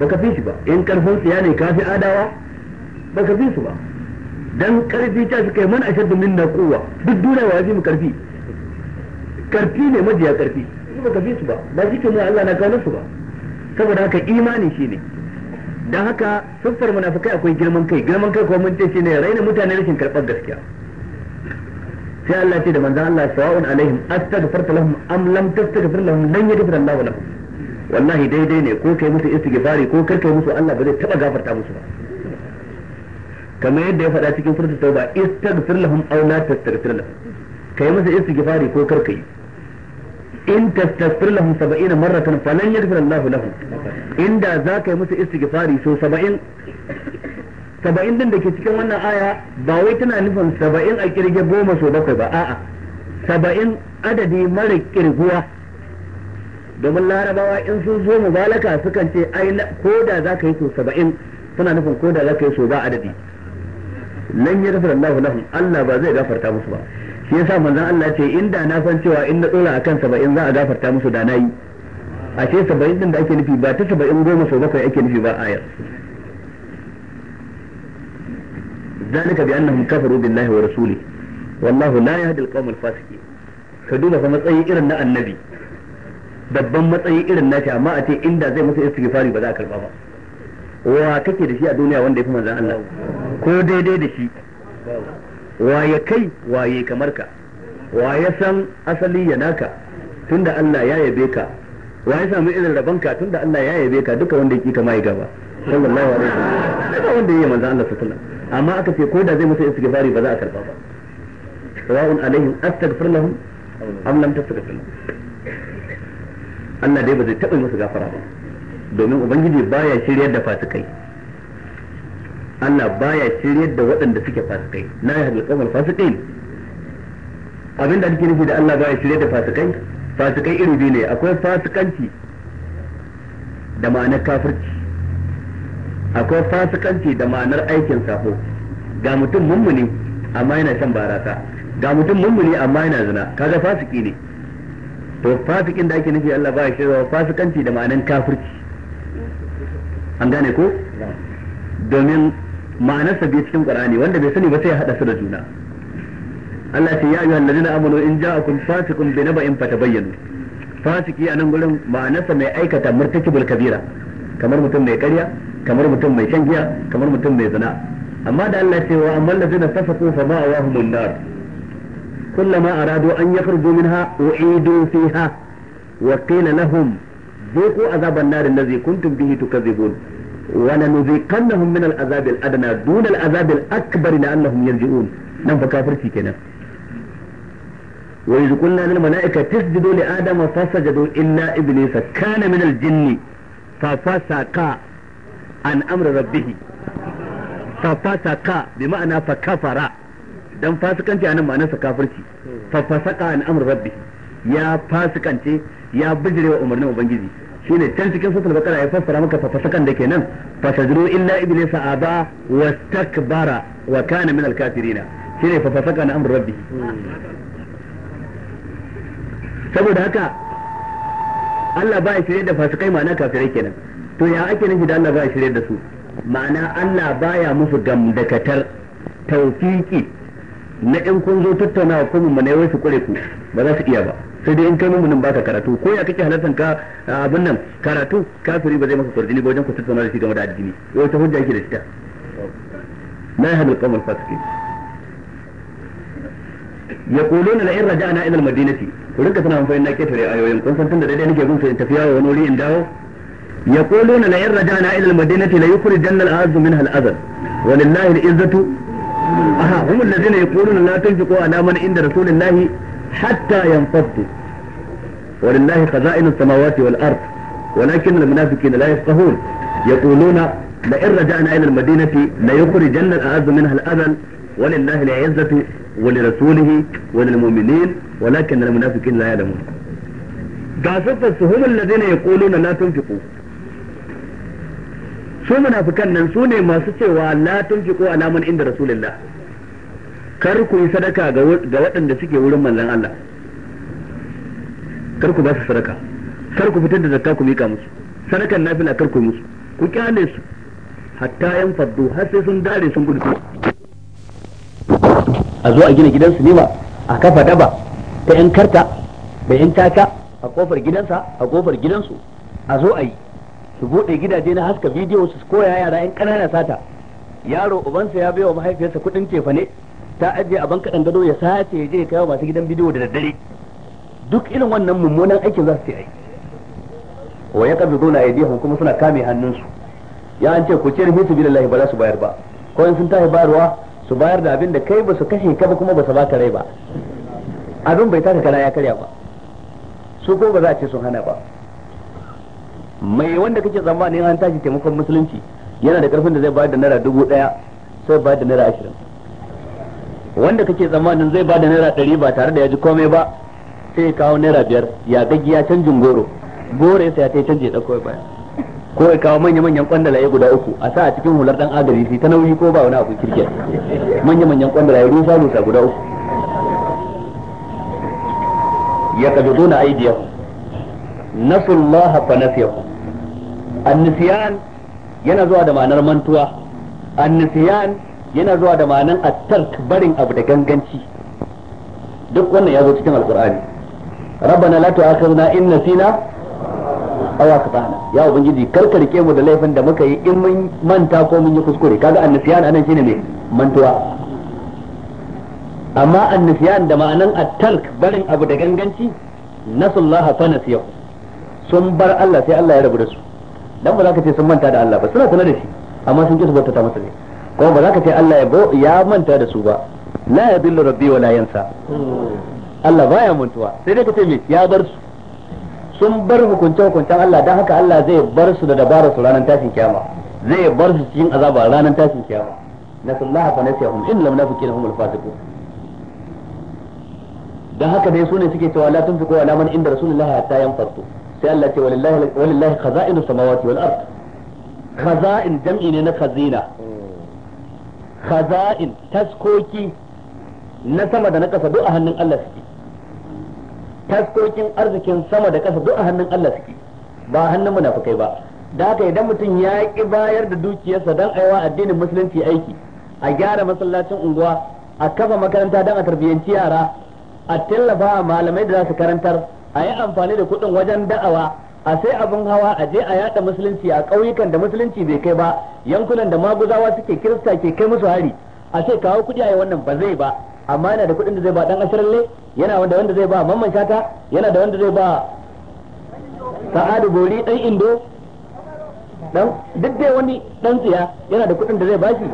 baka fi shi ba in karfin tsiya ne kafi adawa baka fi su ba dan karfi ta suka yi man ashaddu na kowa duk duniya wa mu karfi karfi ne majiya karfi baka fi su ba ba shi ke mu Allah na kawo su ba saboda haka imani ne. don haka siffar munafikai akwai girman kai girman kai kuma mun ce shine raina mutane rashin karɓar gaskiya sai Allah ce da manzon Allah sawa'un alaihim astaghfarta lahum am lam tastaghfir lahum lan yaghfir Allah lahum wallahi daidai ne ko kai musu istighfari ko kar kai musu Allah ba zai taba gafarta musu ba kamar yadda ya faɗa cikin suratul tauba istaghfir lahum aw la tastaghfir lahum kai musu istighfari ko kar kai in tastaghfir lahum 70 marratan falan yaghfir Allah lahum inda zaka yi musu istighfari so 70 70 din da ke cikin wannan aya ba wai tana nufin 70 a kirge goma so bakwai ba a'a 70 adadi mara kirguwa domin larabawa in sun zo mubalaka sukan ce ai ko da zaka yi so 70 suna nufin ko da zaka yi so ba adadi lan yaghfir Allah lahum Allah ba zai gafarta musu ba shi yasa manzon Allah ce inda na san cewa in na tsora akan saba'in za a gafarta musu da na nayi ashe saba'in din da ake nufi ba ta saba'in goma sau bakwai ake nufi ba ayar ذلك بأنهم كفروا wallahu ورسوله والله لا يهدي القوم الفاسقين fa matsayi irin na annabi babban matsayi irin nashi amma a ce inda zai musu istighfari ba za a karba ba wa kake da shi a duniya wanda ya fi manzon Allah ko daidai da shi waye kai waye kamar ka waye san asali ya naka tunda Allah ya yabe ka waye samu irin rabon ka tunda Allah ya yabe ka duka wanda yake kama ya gaba sallallahu alaihi wasallam duka wanda yake manzo Allah sallallahu alaihi wasallam amma aka ce ko da zai musu istighfari ba za a karba ba sawa'un alaihim astaghfir lahum am lam tastaghfir lahum Allah dai ba zai taɓa musu gafara ba domin ubangiji baya shiryar da fasikai Allah baya shiryar da waɗanda suke fasikai na ya yahdil qawmal fasikai abinda ake nufi da Allah baya shiryar da fasikai fasikai iri biyu ne akwai fasikanci da ma'anar kafirci akwai fasikanci da ma'anar aikin safo ga mutum mummuni amma yana shan barasa ga mutum mummuni amma yana zina kaga fasiki ne to fasikin da ake nufi Allah baya ya fasikanci da ma'anar kafirci an gane ko domin ma'anarsa bai cikin qur'ani wanda bai sani ba sai ya hada su da juna Allah ce ya ayyuhal ladina amanu in ja'akum fasiqun bi naba'in fatabayyanu fasiki a nan gurin ma'anarsa mai aikata murtakibul kabira kamar mutum mai ƙarya kamar mutum mai shan giya kamar mutum mai zina amma da Allah ce wa amman ladina fasaqu fa ma'awahumun nar kullama aradu an yakhruju minha u'idu fiha wa qila lahum ذوقوا عذاب النار الذي كنتم به تكذبون wala nuziqannahum min al'azab al'adna dun na al'akbar la'annahum yarji'un nan fa kafirci kenan wa idh qulna lil mala'ikati isjudu li adama fasajadu illa iblisa kana min al-jinni fa fasaqa an amri rabbih fa fasaqa ma'ana fa kafirci fa fasaqa an amri rabbi ya fasikance ya wa umarnin ubangiji shine can cikin suratul baqara ya fassara maka fafasakan da kenan fasajru illa iblis aba wastakbara wa kana min alkafirina shine fafasaka na amrul rabbi saboda haka Allah ba ya shirye da fasikai ma'ana kafirai kenan to ya ake nan da Allah ba ya shirye da su ma'ana Allah baya musu gamdakatar tawfiki na in kun zo tattaunawa kuma mu ne wai su kure ku ba za su iya ba sai dai in kai mumunin baka karatu ko ya kake halartar ka abin nan karatu kafiri ba zai maka kwarjini ba wajen ku tattauna da shi game da addini yau ta hujja yake da shi ta la yahdul qawmul fasiqin yaquluna la in raja'na ila al-madinati ku rinka tana amfani na ketare ayoyin kun san tunda daidai nake gun su in tafiya wani wuri in dawo la يقولون لئن رجعنا إلى المدينة ليخرجن الأعز منها الأذل ولله العزة هم الذين يقولون لا تنفقوا على من عند رسول الله حتى ينفضوا ولله خزائن السماوات والأرض ولكن المنافقين لا يفقهون يقولون لئن رجعنا إلى المدينة ليخرجن الأعز منها الأذل ولله العزة ولرسوله وللمؤمنين ولكن المنافقين لا يعلمون قاصفة هم الذين يقولون لا تنفقوا شو munafikan nan ما سوى masu cewa la tunfiqu عند رسول الله. kar ku yi sadaka ga waɗanda suke wurin mallan Allah kar ku ba su sadaka kar ku fitar da zakka ku mika musu sadakan nafila kar ku musu ku kyale su hatta yan faddu har sai sun dare sun gudu a zo a gina gidansu ne ba a kafa daba ta yan karta da yan taka a kofar gidansa a kofar gidansu a zo a yi su bude gidaje na haska bidiyo su koya yara yan ƙanana sata yaro ubansa ya bai wa mahaifiyarsa kuɗin tefane. ta ajiye a banka gado ya sace ya je ya kawo masu gidan bidiyo da daddare duk irin wannan mummunan aikin za su ce ai wa ya kabi zo na aidihun kuma suna kame hannunsu ya an ce ku ce rufe su bi lallahi ba za su bayar ba ko in sun tafi bayarwa su bayar da abin da kai ba su kashe ka ba kuma ba su ka rai ba abin bai taka kana ya karya ba su ko ba za a ce sun hana ba mai wanda kake tsammanin an tashi taimakon musulunci yana da karfin da zai bayar da naira dubu ɗaya sai bayar da naira ashirin wanda kake tsammanin zai bada naira ɗari ba tare da ya ji komai ba sai ya kawo naira biyar ya ya canjin goro goro ya saya ta yi canje da kawai baya ko ya kawo manya manyan kwandalaye guda uku a sa a cikin hular dan agari shi ta nauyi ko ba wani abu kirke manya manyan kwandalaye rufa rusa guda uku ya kaji zona aidiyahu nasullah fa nafiyahu annisiyan yana zuwa da ma'anar mantuwa annisiyan yana zuwa da ma'anan tark barin abu da ganganci duk wannan ya zo cikin alkur'ani rabbana la tu'akhidna in nasina aw akhtana ya ubangiji karka rike mu da laifin da muka yi in mun manta ko mun yi kuskure kaga annasiyan anan shine me mantuwa amma annasiyan da ma'anan tark barin abu da ganganci nasullaha fa nasiyahu sun bar Allah sai Allah ya rabu da su dan ba za ka ce sun manta da Allah ba suna sanar da shi amma sun ki su bauta ta masa ne kuma ba za ka ce Allah ya manta da su ba la yadillu rabbi wa la yansa Allah baya mantuwa sai dai ka ce me ya bar su sun bar hukunce hukuncen Allah dan haka Allah zai bar su da dabarar su ranar tashin kiyama zai bar su cikin azaba ranar tashin kiyama nasallaha fa nasihum in lam nafikin humul fasiqun dan haka dai sune suke cewa la tunfiqu ala man inda rasulullahi hatta yanfatu sai Allah ce walillahi walillahi khaza'inu samawati wal ard khaza'in jam'i ne na khazina khaza'in taskoki na sama da na ƙasa duk a hannun Allah suke taskokin arzikin sama da ƙasa duk a hannun Allah suke ba hannun munafukai ba da haka idan mutum ya ki bayar da dukiyarsa don aiwa addinin musulunci aiki a gyara masallacin unguwa a kafa makaranta don a tarbiyyanci yara a tallafa malamai da za su karantar a yi amfani da kuɗin wajen da'awa a sai abin hawa a je a yada musulunci a ƙauyukan da musulunci bai kai ba yankunan da maguzawa suke kirista ke kai musu hari a sai kawo kuɗi a yi wannan ba zai ba amma yana da kuɗin da zai ba dan ne yana da wanda zai ba mamman shata yana da wanda zai ba sa'adu bori dan indo dan duk dai wani dan tsiya yana da kuɗin da zai bashi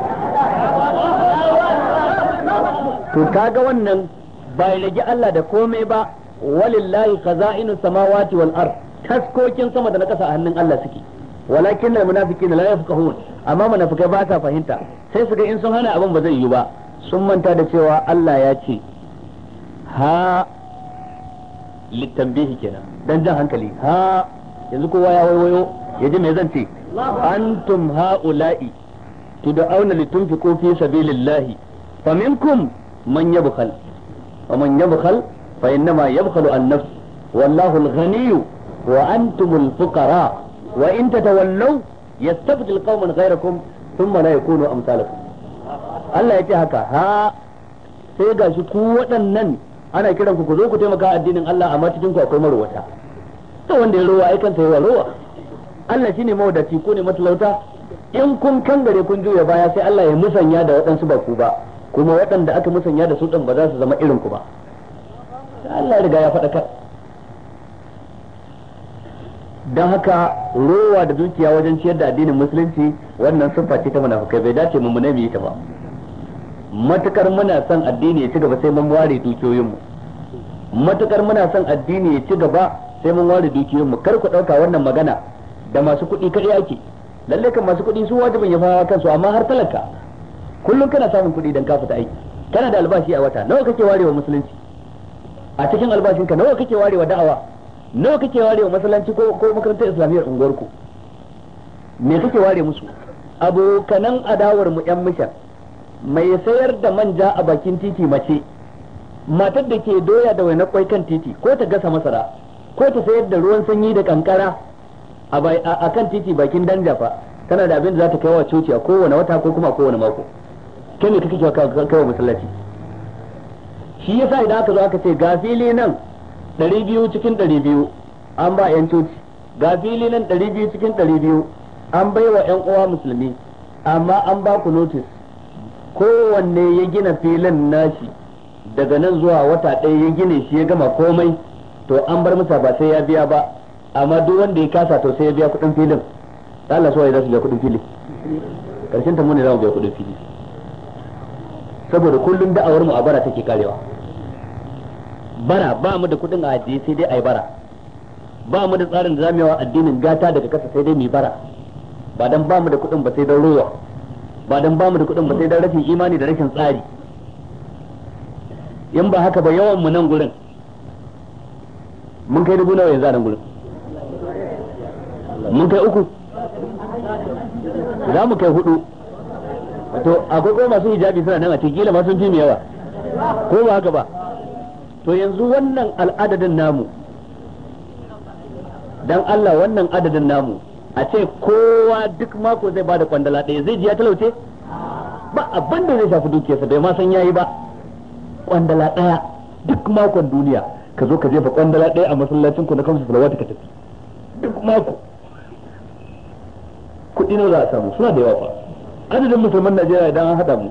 to kaga wannan bai lagi Allah da komai ba walillahi khaza'inu samawati wal ard taskokin sama da na kasa a hannun Allah suke walakin al munafiqina la yafqahun amma munafikai ba sa fahimta sai su ga in sun hana abin ba zai yi ba sun manta da cewa Allah ya ce ha littambihi kenan dan jan hankali ha yanzu kowa ya waiwayo ya ji me zan ce antum haula'i tud'auna litunfiqu fi sabilillahi faminkum man yabkhal ومن يبخل فإنما يبخل عن والله الغني وأنتم الفقراء وإن تتولوا يستبدل قوما غيركم ثم لا يكونوا أمثالكم Allah ya ce haka ha sai ga shi ku waɗannan ana kiran ku ku zo ku taimaka addinin Allah amma cikin ku akwai marwata to wanda ya rowa aikan kansa ya rowa Allah shine mawadaci ko ne matalauta in kun kangare kun juya baya sai Allah ya musanya da waɗansu ba ku ba kuma waɗanda aka musanya da su ɗin ba za su zama irin ku ba Allah ya riga ya faɗa don haka rowa da dukiya wajen ciyar da addinin musulunci wannan siffa ce ta munafukai bai dace mu ne mu yi ta ba matukar muna son addini ya ci gaba sai mun ware dukiyoyinmu matukar muna son addini ya ci gaba sai mun ware dukiyoyinmu kar ku dauka wannan magana da masu kuɗi kai ake lalle kan masu kuɗi su wajibin ya fara kansu amma har talaka kullum kana samun kuɗi dan ka fita aiki kana da albashi a wata nawa kake warewa musulunci a cikin albashinka nawa kake warewa da'awa nawa kake ware wa masallaci ko ko makarantar islamiyyar unguwar ku me kake ware musu abokanan adawar mu yan mishar mai sayar da manja a bakin titi mace matar da ke doya da wani kwai kan titi ko ta gasa masara ko ta sayar da ruwan sanyi da kankara a kan titi bakin danja fa tana da abin da za ta kai wa coci a kowane wata ko kuma a kowane mako kai ne kake kai masallaci shi yasa idan aka zo aka ce gafili nan ɗari biyu cikin ɗari biyu an ba 'yan coci ga fili nan ɗari biyu cikin ɗari biyu an bai wa 'yan uwa musulmi amma an ba ku notis kowanne ya gina filin nashi daga nan zuwa wata ɗaya ya gine shi ya gama komai to an bar masa ba sai ya biya ba amma duk wanda ya kasa to sai ya biya kuɗin filin Allah ya za su biya kuɗin fili ƙarshen ta mu ne za mu biya kuɗin fili saboda kullum da'awar mu a bara take karewa bara ba mu da kuɗin a ajiye sai dai a yi bara ba mu da tsarin da zamewa addinin gata daga kasa sai dai mu bara ba dan ba mu da kuɗin ba sai dan ruwa ba dan ba mu da kuɗin ba sai dan rashin imani da rashin tsari in ba haka ba yawan mu nan gurin mun kai dubu nawa yanzu a nan gurin mun kai uku za mu kai hudu to akwai kuma masu hijabi suna nan a cikin gila masu sun fi mu yawa ko ba haka ba to yanzu wannan al'adadin namu dan Allah wannan adadin namu a ce kowa duk mako zai bada kwandala ɗaya zai ji ya talauce ba abin da zai shafi dukiyarsa bai ma san yayi ba kwandala ɗaya duk makon duniya ka zo ka jefa kwandala ɗaya a masallacin ku na kamsu salawatu ka tafi duk mako kuɗi nawa za a samu suna da yawa fa adadin musulman Najeriya idan an haɗa mu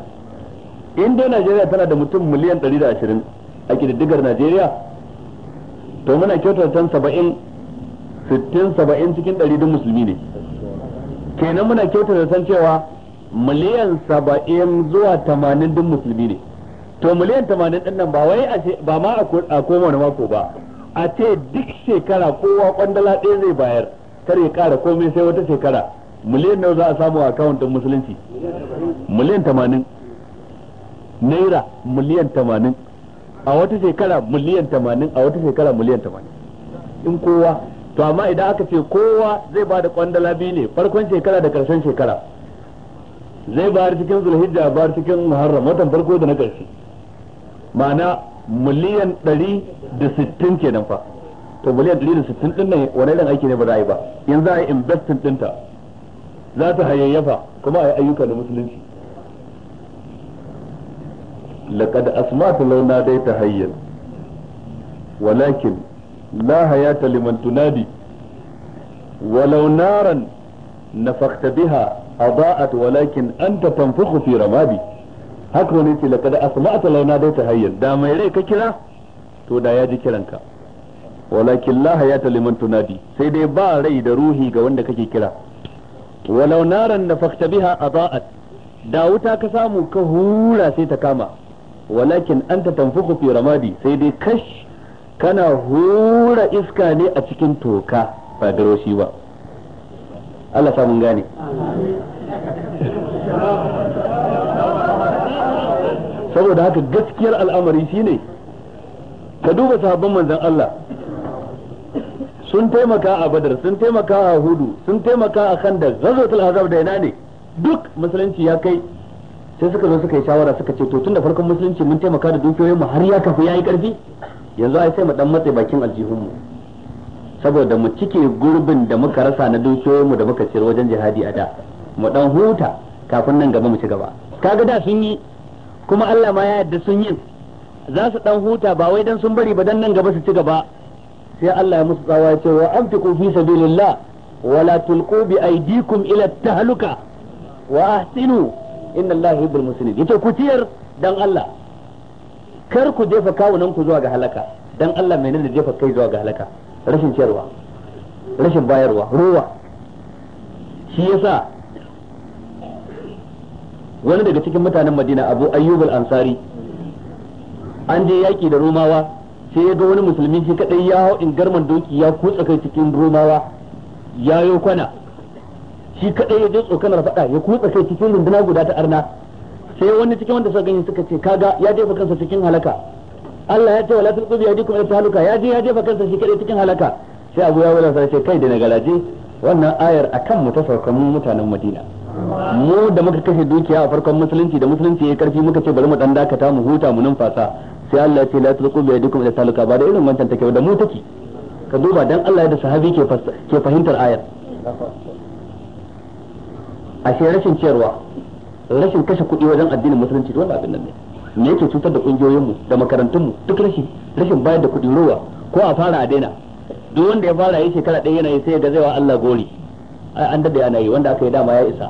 in Najeriya tana da mutum miliyan ɗari da ashirin a kididdigar Najeriya to muna kyautar tan saba'in sittin saba'in cikin ɗari duk musulmi ne kenan muna kyautar san cewa miliyan saba'in zuwa tamanin duk musulmi ne to miliyan tamanin din nan ba wai ba ma a koma wani mako ba a ce duk shekara kowa kwandala ɗaya zai bayar kar ya ƙara komai sai wata shekara miliyan nawa za a samu a akawuntin musulunci miliyan tamanin naira miliyan tamanin a wata shekara miliyan tamanin a wata shekara miliyan tamanin in kowa to amma idan aka ce kowa zai ba da kwandala biyu ne farkon shekara da karshen shekara zai bayar cikin zulhijja bayar cikin muharram watan farko da na karshe ma'ana miliyan ɗari da sittin kenan fa to miliyan ɗari da sittin ɗin nan wani irin aiki ne ba za a yi ba yanzu a yi investin ɗinta za ta hayayyafa kuma a yi ayyuka da musulunci لقد أسمعت لو ناديت هيا ولكن لا حياة لمن تنادي ولو نارا نفخت بها أضاءت ولكن أنت تنفخ في رمادي haka wani ce laƙada a sama'ata launa ta hayyar da mai rai ka kira to da ya ji kiranka walakin la hayata liman tunadi sai dai ba rai da ruhi ga wanda kake kira walau naran nafakta biha da wuta ka samu ka hura sai ta kama walakin anta tanfukhu fi ramadi sai dai kash kana hura iska ne a cikin toka ba daroshi ba Allah samun gane saboda haka gaskiyar al'amari shine ka duba sahabban manzon Allah sun taimaka a badar sun taimaka a hudu sun taimaka a da ghazwatul azab da ina ne duk musulunci ya kai sai suka zo suka yi shawara suka ce to tun da farkon musulunci mun taimaka da dukiyoyin mu har ya kafu yayi karfi yanzu ai sai mu dan matse bakin aljihun mu saboda mu cike gurbin da muka rasa na dukiyoyin mu da muka ciyar wajen jihadi a da mu dan huta kafin nan gaba mu ci gaba kaga da sun yi kuma Allah ma ya yarda sun yi za su dan huta ba wai dan sun bari ba dan nan gaba su ci gaba sai Allah ya musu tsawa ya ce wa amtiku fi sabilillah wala tulqu bi aydikum ila tahluka wa ahsinu inna Allah yuhibbul muslimin yace ku ciyar dan Allah kar ku jefa kawunan ku zuwa ga halaka dan Allah menene jefa kai zuwa ga halaka rashin ciyarwa rashin bayarwa ruwa shi yasa wani daga cikin mutanen Madina Abu Ayyub al-Ansari an je yaki da Romawa sai ya ga wani musulmi shi kadai ya hau in garman doki ya kutsa kai cikin Romawa ya yo kwana shi kadai ya je tsokanar faɗa ya kutsa kai cikin runduna guda ta arna sai wani cikin wanda suka gani suka ce kaga ya jefa kansa cikin halaka Allah ya ce wala tulqu bi yadikum ila tahaluka ya je ya jefa kansa shi kadai cikin halaka sai Abu Yawla sai ce kai da na galaje wannan ayar akan mu ta saukan mutanen Madina mu da muka kashe dukiya a farkon musulunci da musulunci ya karfi muka ce bari mu dan dakata mu huta mu numfasa sai Allah ya ce la tulqu bi yadikum ila tahaluka ba da irin wancan take da mu take ka duba dan Allah ya da sahabi ke fahimtar ayar ashe rashin ciyarwa rashin kashe kuɗi wajen addinin musulunci wannan abin nan ne me yake cutar da kungiyoyin mu da makarantun mu duk rashin rashin bayar da kuɗi ruwa ko a fara a daina duk wanda ya fara yi shekara ɗaya yana yi sai ga zai wa Allah gori ai an dade ana yi wanda aka yi dama ya isa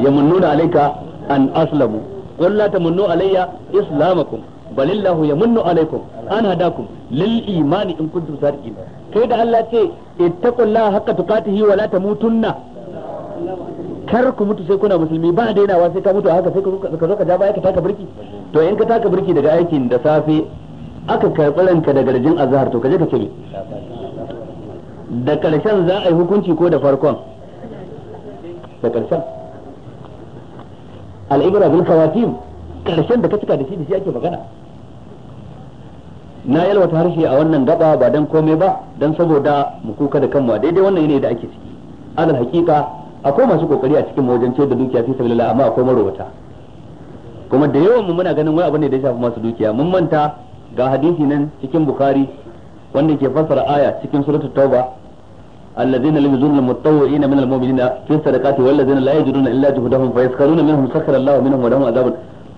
ya munnuna alaika an aslamu qul la tamunnu alayya islamakum bal illahu yamunnu alaykum an hadakum lil imani in kuntum sadiqin kai da Allah ce ittaqullaha haqqa tuqatihi wa la tamutunna kar ku mutu sai kuna musulmi ba dainawa sai ka mutu haka sai ka zo ka ja baya ka taka birki to in ka taka birki daga aikin da safe aka karɓi ranka da garjin azhar to ka je ka ce da karshen za a yi hukunci ko da farkon da karshen al'ibra bil kawatim karshen da ka cika da shi da shi ake magana na yalwata harshe a wannan gaba ba dan komai ba dan saboda mu kuka da kanmu daidai wannan ne da ake ciki alal hakika akwai masu kokari a cikin wajen ce da dukiya fi sabilillah amma akwai marowata kuma da yawan mu muna ganin wai abu ne da ya shafi masu dukiya mun manta ga hadisi nan cikin bukhari wanda ke fassara aya cikin suratul tauba الذين لم يزن المتطوعين من المؤمنين في الصدقات والذين لا يجدون الا جهدهم فيسخرون منهم سخر الله منهم ولهم عذاب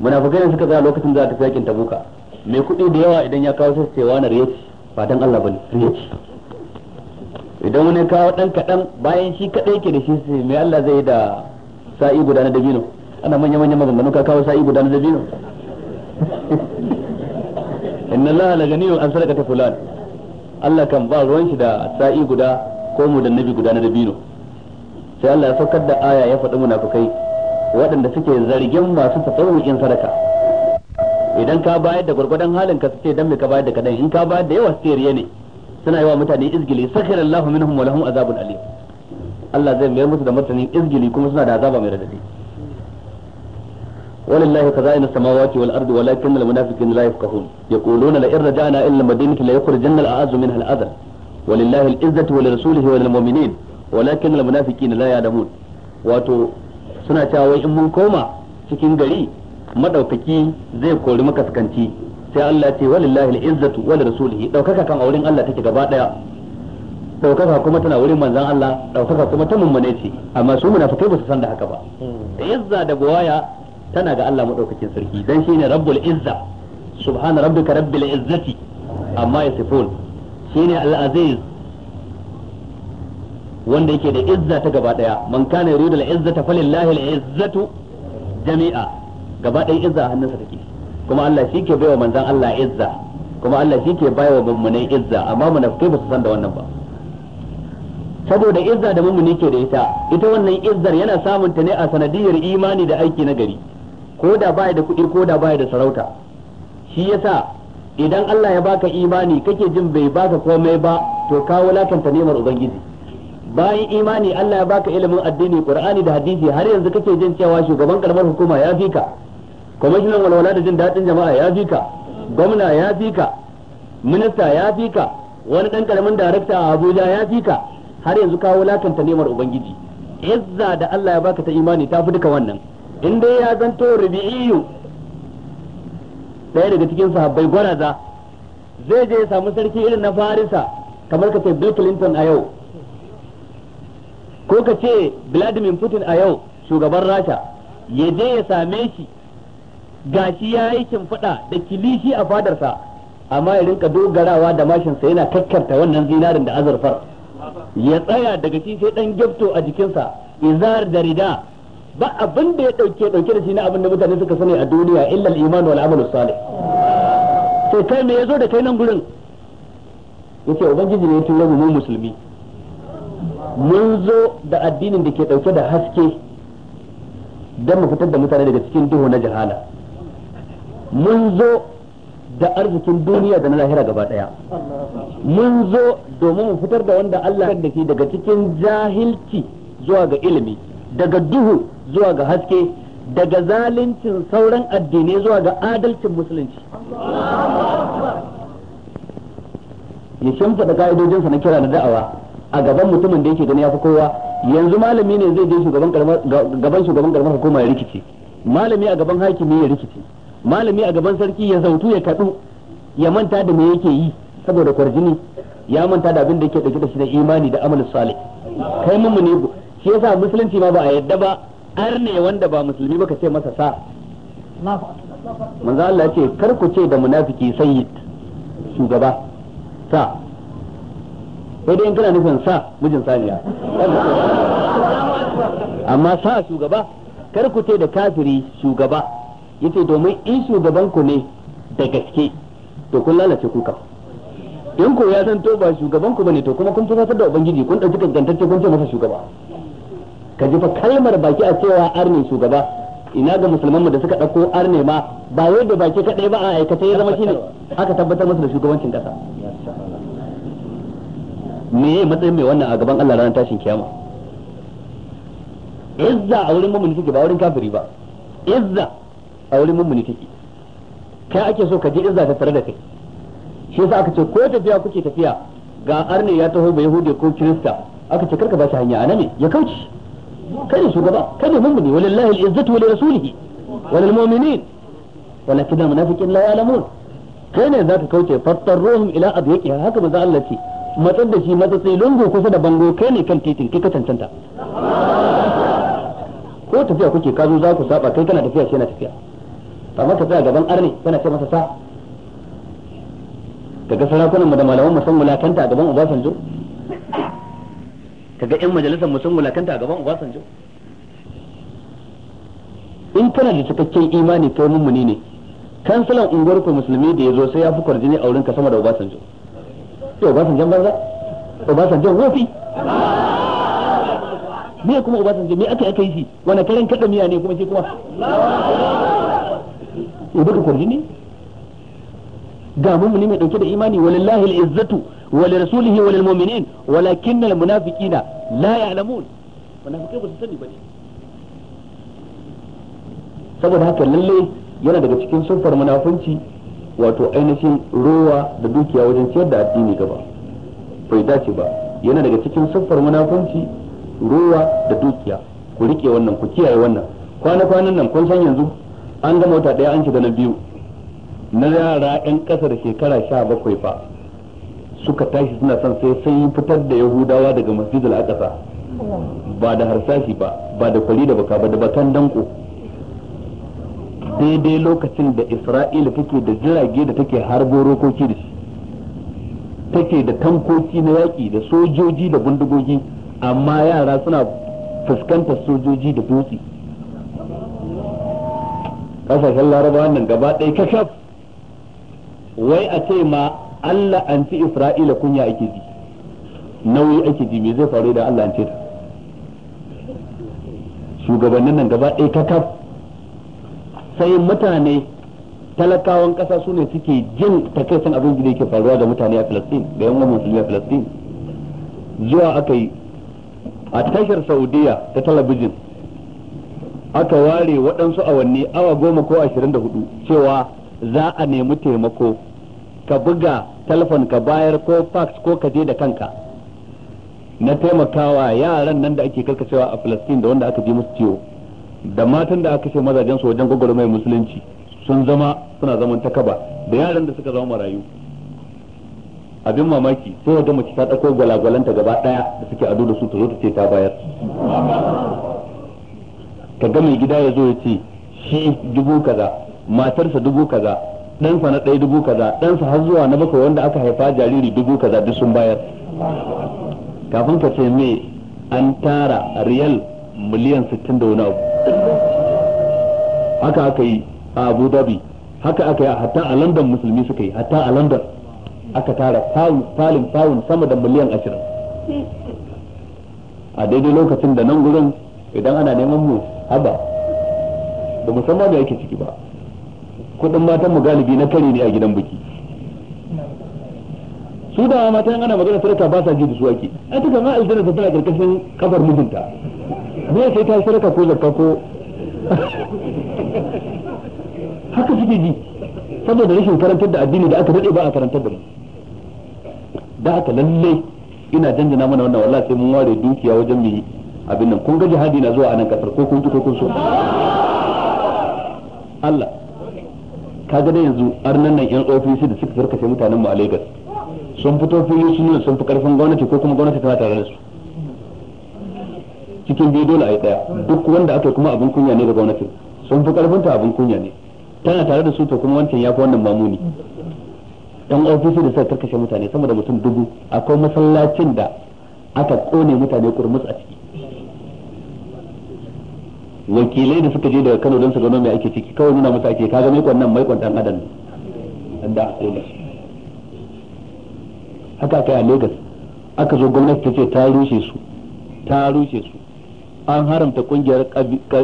munafikai ne suka tsaya lokacin da za ta yakin tabuka mai kuɗi da yawa idan ya kawo sai cewa na riyaci ba idan wani kawo dan kadan bayan shi kadai ke da shi sai mai Allah zai da sa'i guda na dabino ana manya manya maganganu ka kawo sa'i guda na dabino <laughs> inna Allah la ganiyun an sadaka ta fulan Allah kan ba ruwan shi da sa'i guda ko mu da nabi guda na dabino sai Allah ya saukar da aya ya faɗi kai waɗanda suke zargin masu tasawurin sadaka idan ka bayar da gwargwadon halin ka su ce dan me ka bayar da kadan in ka bayar da yawa sai riya ne suna yawa mutane izgili sakhara Allahu minhum wa lahum azabun alim Allah zai mayar musu da martanin izgili kuma suna da azaba mai radadi ولله خزائن السماوات والارض ولكن المنافقين لا يفقهون يقولون لئن رجعنا الى المدينه ليخرجن الاعز منها الاذل ولله العزه ولرسوله وللمؤمنين ولكن المنافقين لا يعلمون wato suna cewa in mun koma cikin gari madaukaki zai kori makaskanci sai Allah ce walillahi al-izzatu wal rasulihi daukaka kan auren Allah take gaba daya daukaka kuma tana wurin manzon Allah daukaka kuma ta mummune ce amma su munafikai ba su san da haka ba hmm. izza da buwaya tana ga Allah madaukakin sarki dan shine rabbul izza subhana rabbika rabbil izzati amma yasifun shine al-aziz wanda yake da izza ta gaba daya man kana yuridu al-izzata falillahi al-izzatu jami'a gaba daya izza hannunsa take kuma Allah shi ke baiwa manzan Allah izza kuma Allah shi ke baiwa mummunai izza amma munafikai ba su san da wannan ba saboda izza da mummuni ke da ita ita wannan izzar yana samun ta ne a sanadiyar imani da aiki na gari ko da baya da kuɗi ko da baya da sarauta shi yasa idan Allah ya baka imani kake jin bai baka komai ba to ka wulakanta nemar ubangiji bayan imani Allah ya baka ilimin addini Qur'ani da hadisi har yanzu kake jin cewa shugaban karamar hukuma ya fika kwamishinan walwala da jin daɗin jama'a ya fi ka gwamna ya fi ka minista ya fi ka wani ɗan ƙaramin darakta a abuja ya fi ka har yanzu kawo lakanta neman ubangiji izza da allah ya baka ta imani ta fi duka wannan in dai ya zanto rubi'iyu ɗaya daga cikin sahabbai gwaraza zai je ya samu sarki irin na farisa kamar ka ce bill clinton a yau ko ka ce vladimir putin a yau shugaban rasha ya je ya same shi gashi ya yi shimfiɗa da kilishi a fadarsa amma ya rinka dogarawa da mashinsa yana kakkarta wannan zinarin da azurfar ya tsaya daga shi sai dan gyafto a jikinsa izar da rida ba abin da ya dauke ɗauke da shi na abin da mutane suka sani a duniya illa al-iman wal amal salih sai kai me yazo da kai nan gurin yace ubangiji ne ya tura mu musulmi mun zo da addinin da ke ɗauke da haske don mu fitar da mutane daga cikin duhu na jahala mun zo da arzikin duniya da na lahira gaba daya mun zo domin mu fitar da wanda Allah da ke daga cikin jahilci zuwa ga ilimi daga duhu zuwa ga haske daga zaluncin sauran addini zuwa ga adalcin musulunci ya shimfiɗa ka'idojinsa na kira na da'awa a gaban mutumin da yake gani ya fi kowa yanzu malami ne zai je shugaban gaban shugaban karamar hukuma ya rikice malami a gaban hakimi ya rikici. malami a gaban sarki ya zautu ya kadu ya manta da me yake yi saboda kwarjini ya manta da abin da yake dauke da shi da imani da amalin salih kai mun ne shi yasa musulunci ma ba a yadda ba arne wanda ba musulmi ba ka ce masa sa manzo Allah ce kar ku ce da munafiki sayyid shugaba sa sai dai in kana nufin sa mijin saniya amma sa shugaba kar ku ce da kafiri shugaba yace domin in shugaban ku ne da gaske to kun lalace kuka in ko ya san to ba shugaban ku bane to kuma kun tunatar da ubangiji kun dauki gangantacce kun ce masa shugaba ka ji fa kalmar baki a cewa arne shugaba ina ga musulman mu da suka dauko arne ma ba wai da baki kadai ba a aikata ya zama shine aka tabbatar masa da shugabancin kasa me matsayin mai wannan a gaban Allah ranar tashin kiyama izza a wurin ne suke ba wurin kafiri ba izza a wurin mummuni take kai ake so ka je izza ta tare da kai shi yasa aka ce ko tafiya kuke tafiya ga arne ya taho ba yahudi ko kirista aka ce karka ba shi hanya anane ya kauce kai ne shugaba kai ne mummuni walillahi al-izzatu wa li rasulihi wa lil mu'minin walakin al-munafiqin la ya'lamun kai ne zaka kauce fattarruhum ila adyiqi haka manzo Allah ce matsar da shi matsatsai lungu kusa da bango kai ne kan titin kai ka cancanta ko tafiya kuke kazo za ku saba kai kana tafiya shi yana tafiya to amma tsaya gaban arni tana ce masa sa kaga sarakunan mu da malaman mu sun mulakanta a gaban Obasanjo kaga yan majalisar mu sun mulakanta a gaban Obasanjo in kana da cikakken imani kai mummuni ne kansalan unguwar ku musulmi da yazo sai ya fi kwarjini a wurin ka sama da Obasanjo to Obasanjo banza Obasanjo wofi me kuma Obasanjo me aka aka yi shi wani karen kada miya ne kuma shi kuma tsoba ka kwarjini ga mummuni mai dauke da imani walillahi al-izzatu wa rasulihi wa lil mu'minin walakin al munafiqina la ya'lamun munafiqai ba su sani bane saboda haka lalle yana daga cikin sunfar munafunci wato ainihin rowa da dukiya wajen ciyar da addini gaba bai dace ba yana daga cikin sunfar munafunci rowa da dukiya ku rike wannan ku kiyaye wannan kwana kwanan nan kun san yanzu an gama wata ɗaya an shiga na biyu na yara yan ƙasa da shekara sha bakwai fa suka tashi suna son sai sun fitar da yahudawa daga masjidul aqsa ba da harsashi ba ba da kwali da baka ba da bakan danko daidai lokacin da isra'ila take da jirage da take harbo rokoki da shi take da tankoki na yaƙi da sojoji da bindigogi amma yara suna fuskantar sojoji da dutse kasashen laraba nan gaba ɗaya kashaf wai a ce ma Allah an ci Isra'ila kunya ake ji nauyi ake ji me zai faru da Allah an ce ta shugabannin nan gaba ɗaya kakaf sai mutane talakawan ƙasa su ne suke jin takaicin abin da yake faruwa da mutane a Filistin da yan musulmi a Filistin zuwa aka yi a tashar Saudiya ta talabijin aka ware waɗansu awanni awa goma ko ashirin da hudu cewa za a nemi taimako ka buga telefon ka bayar ko fax ko ka je da kanka na taimakawa yaran nan da ake karkacewa a Falastin da wanda aka ji musu ciwo da matan da aka ce mazajen su wajen mai musulunci sun zama suna zaman takaba da yaran da suka zama marayu abin mamaki sai wata mace ta ɗauko gwalagwalanta gaba ɗaya da suke ado da su ta zo ta ce ta bayar ka ga mai gida ya zo ya ce shi dubu kaza matarsa dubu kaza ɗansa na ɗaya dubu kaza ɗansa har zuwa na bakwai wanda aka haifa jariri dubu kaza duk sun bayar kafin ka ce me an tara riyal miliyan sittin da wani abu haka aka yi a abu dhabi haka aka yi hatta a london musulmi suka yi hatta a london aka tara falin falin sama da miliyan ashirin a daidai lokacin da nan gurin idan ana neman mu haba da musamman da yake ciki ba kudin matan mu galibi na kare ne a gidan biki su da mata yan ana magana sarka ba sa ji da su ake ai ta kama aljanna ta tana karkashin kafar mijinta me sai ta sarka ko zakka ko haka suke ji saboda rashin karantar da addini da aka dade ba a karantar da mu da aka lalle ina janjana mana wannan wallahi sai mun ware dukiya wajen mu abin nan kun ga jihadi na zuwa a nan kasar ko kun ki ko kun so Allah ka da yanzu arnan nan yan ofisi da suka sarkace mutanen mu a Lagos sun fito fili sun sun fi karfin gwamnati ko kuma gwamnati tana tare da su cikin biyu dole a yi daya duk wanda aka kuma abin kunya ne da gwamnati sun fi karfin ta abin kunya ne tana tare da su to kuma wancan ya fi wannan mamuni yan ofisi da suka karkashe mutane sama da mutum dubu akwai masallacin da aka kone mutane kurmus a ciki wakilai da suka je daga Kano don su gano mai ake ciki kawai nuna masa ake kaga mai kwannan mai kwantan adam da akwai haka kai a Lagos aka zo gwamnati ta ce ta rushe su ta rushe su an haramta kungiyar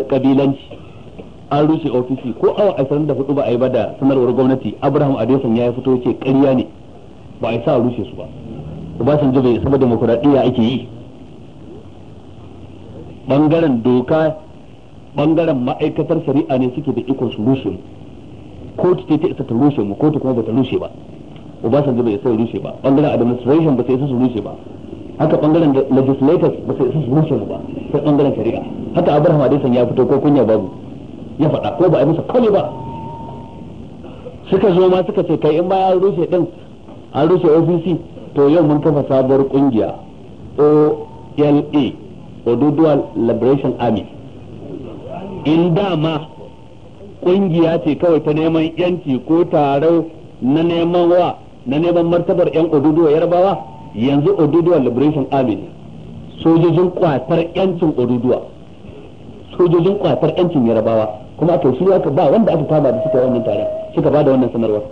kabilanci an rushe ofisi ko awa hudu ba a yi ba da sanarwar gwamnati Abraham Adeson ya fito ce karya ne ba a yi sa rushe su ba Obasanjo bai saboda demokuraɗiyya ake yi bangaren doka bangaren ma'aikatar shari'a ne suke da ikon su rushe kotu ce ta isa ta rushe mu kotu kuma ba ta rushe ba Obasanjo bai isa ya rushe ba bangaren administration ba sai isa su rushe ba haka bangaren legislators ba sai isa su rushe mu ba sai bangaren shari'a haka Abraham Adesan ya fito ko kunya babu ya faɗa ko ba a masa kome ba suka zo ma suka ce kai in ba an rushe din an rushe ofc to yau mun kafa sabuwar kungiya OLA a Liberation Army in dama kungiya ce kawai ta neman yanci ko taro na neman wa na neman martabar yan oduduwa yarbawa yanzu oduduwa liberation army ne sojojin kwatar yancin oduduwa sojojin kwatar yancin yarbawa kuma to shi aka ba wanda aka kama da suka wannan taron suka ba da wannan sanarwa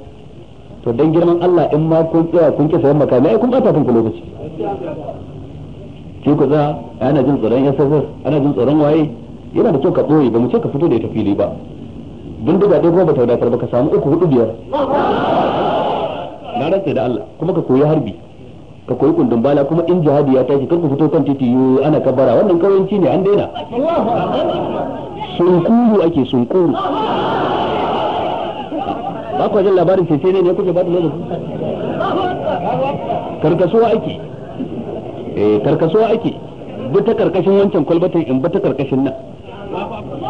to dan girman Allah in ma kun tsaya kun kisa yan makami ai kun bata kanku lokaci ki ku za ana jin tsoron SSS ana jin tsoron waye yana da kyau ka tsoye ba mu ce ka fito da ita fili ba don duk dai kuma bata wadatar ba ka samu uku hudu biyar na rantsa da Allah kuma ka koyi harbi ka koyi kundin bala kuma in jihadi ya tashi kanku fito kan titi ana kabara wannan kawanci ne an daina sunkuru ake sunkuru ba ku jin labarin cece ne ne kuke ba da lokaci karkasuwa ake eh karkasuwa ake duk ta karkashin wancan kwalbatin in ba ta karkashin nan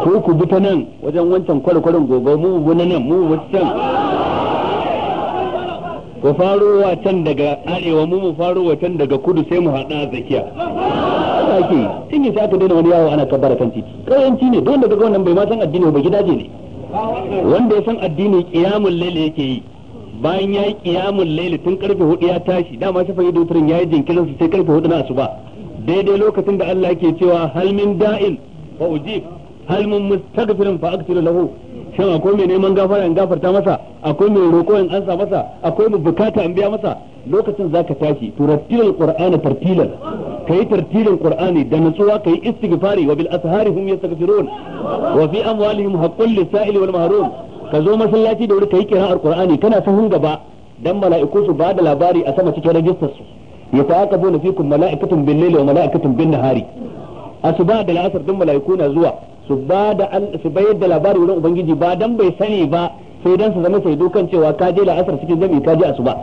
ko ku bi ta nan wajen wancan kwalkwalin gobe mu bu na nan mu bu can ku faro can daga arewa mu mu faro can daga kudu sai mu hada Zakiya. haka ake tun yi sai aka daina wani yawo ana kabbara kan titi kayanci ne don da daga wannan bai ma san addini ba gidaje ne wanda ya san addini qiyamul laili yake yi bayan ya yi kiyamun laili tun karfe hudu ya tashi dama shafa yi dotarin ya yi jinkirin su sai karfe hudu na asuba daidai lokacin da Allah ke cewa halmin da'in fa ujib hal mun mustaghfirin fa aghfir lahu shin akwai mai neman gafara in gafarta masa akwai mai roƙo in ansa masa akwai mai bukata in biya masa lokacin zaka tashi turattilul qur'ana tartilan kai tartilan qur'ani da nutsuwa kai istighfari wa bil asharihum yastaghfirun wa fi amwalihim haqqul lisa'il wal mahrum ka zo masallaci da wuri kai kira'ar qur'ani kana sahun gaba dan mala'iku su ba da labari a sama cikin rajistar su yata'aqabuna fikum mala'ikatun bil laili wa mala'ikatun bin nahari asuba da la'asar din mala'iku na zuwa su ba da su bayar da labari wurin ubangiji ba dan bai sani ba sai dan su zama sai dokan cewa ka je la'asar cikin jami'i ka je asuba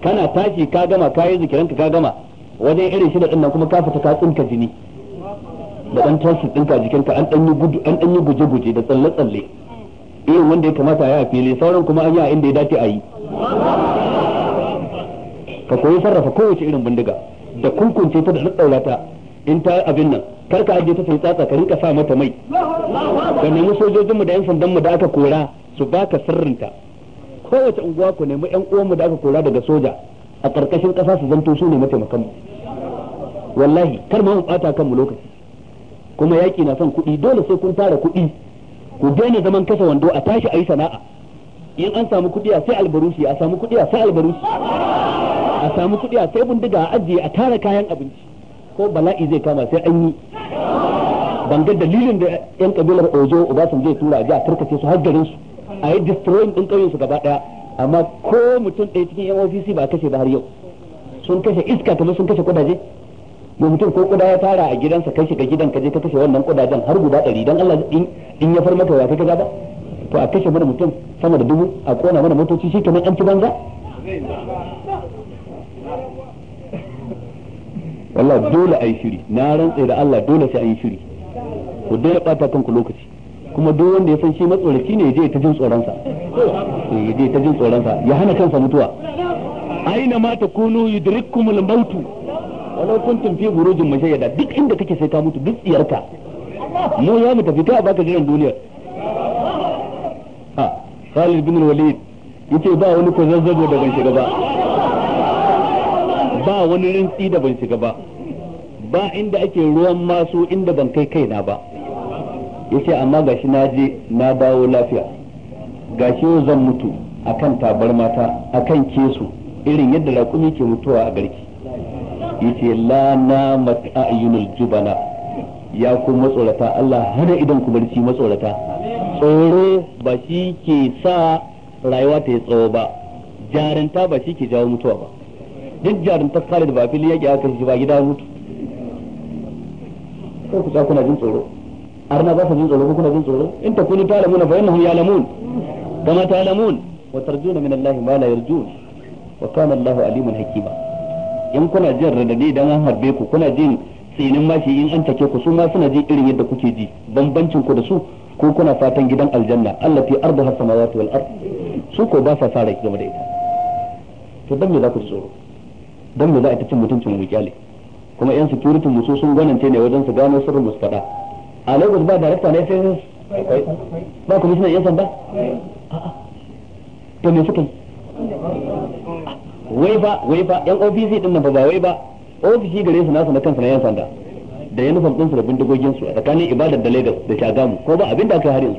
kana tashi ka gama ka yi zikiranka ka gama wajen irin shida din nan kuma ka fita ka tsinka jini da dan tashi tsinka jikinka an dan yi gudu an dan yi guje-guje da tsalle-tsalle irin wanda ya kamata a yi a fili sauran kuma an yi a inda ya dace a yi ka koyi sarrafa kowace irin bindiga da kunkunce ta da daddaura ta in ta abin nan kar ka ajiye ta sai tsatsa ka rinka sa mata mai ka nemi mu da yan sandan mu da aka kora su baka sirrinta kowace unguwa ku nemi yan mu da aka kora daga soja a karkashin kasa su zanto su ne mataimakan mu wallahi kar ma mu bata kanmu lokaci kuma yaki na son kuɗi dole sai kun tara kuɗi ku daina zaman kasa wando a tashi ayi sana'a in an samu kuɗi a sai albarusi a samu kuɗi a sai albarusi a samu kuɗi a sai bindiga a ajiye a tara kayan abinci ko bala'i zai kama sai an yi ban ga dalilin da yan kabilar ojo obasan zai tura ji a tarkace su har garin su a yi destroying din kauyen su gaba daya amma ko mutum ɗaya cikin yan ofisi ba kashe ba har yau sun kashe iska kamar sun kashe kudaje ba mutum ko kuda ya tara a gidansa kai shiga gidan ka je ka kashe wannan kudajen har guda ɗari dan Allah in ya far maka wa kai ba to a kashe mana mutum sama da dubu a kona mana motoci shi kamar an ci banza wallahi dole a yi shiri na rantsa da Allah dole sai an yi shiri ku daina bata kanku lokaci kuma duk wanda ya san shi matsoraci ne je ta jin tsoron je ta jin tsoronsa eh, sa ya hana kansa mutuwa aina ma takunu yudrikumul maut walau kuntum fi burujin mushayyada duk inda kake sai ka mutu duk tsiyarka mu ya mu tafi kai a baka jiran duniya ha Khalid bin Walid yace ba wani ko zazzabo da ban shiga ba wani rintsi da ban shiga ba ba inda ake ruwan masu inda ban kai kaina ba yace amma gashi na je na dawo lafiya gashi yau zan mutu akan tabar mata akan kesu irin yadda raƙumi ke mutuwa a garki yace la na mat'ayunul jubana ya ku matsorata Allah hana idan ku barci matsorata tsoro ba shi ke sa rayuwa ta yi tsawo ba jaranta ba shi ke jawo mutuwa ba duk jarumtar Khalid ba fili yake aka shi ba gida mutu sai ku sa kuna jin tsoro arna ba sa jin tsoro ko kuna jin tsoro in ta kunu talamuna fa innahum ya'lamun kama talamun wa tarjuna min Allah ma la yarjun wa kana Allahu aliman hakima in kuna jin radadi dan an harbe ku kuna jin tsinin mashi in an take ku su ma suna jin irin yadda kuke ji bambancin ku da su ko kuna fatan gidan aljanna Allah fi ardu hasamawati wal ard su ko ba sa sa rai game da ita to dan me za ku tsoro dan me za a ta cin mutuncin mu kuma yan security musu sun gwanance ne wajen su gano sirrin musu fada a Lagos ba director ne sai ba commissioner yan sanda to me suke wai ba wai ba yan ofisi din nan ba ba wai ba ofisi gare su nasu na kansu na yan sanda da yanufan ɗinsu da bindigogin su a tsakanin ibadar da Lagos da Shagamu ko ba abin da aka yi har yanzu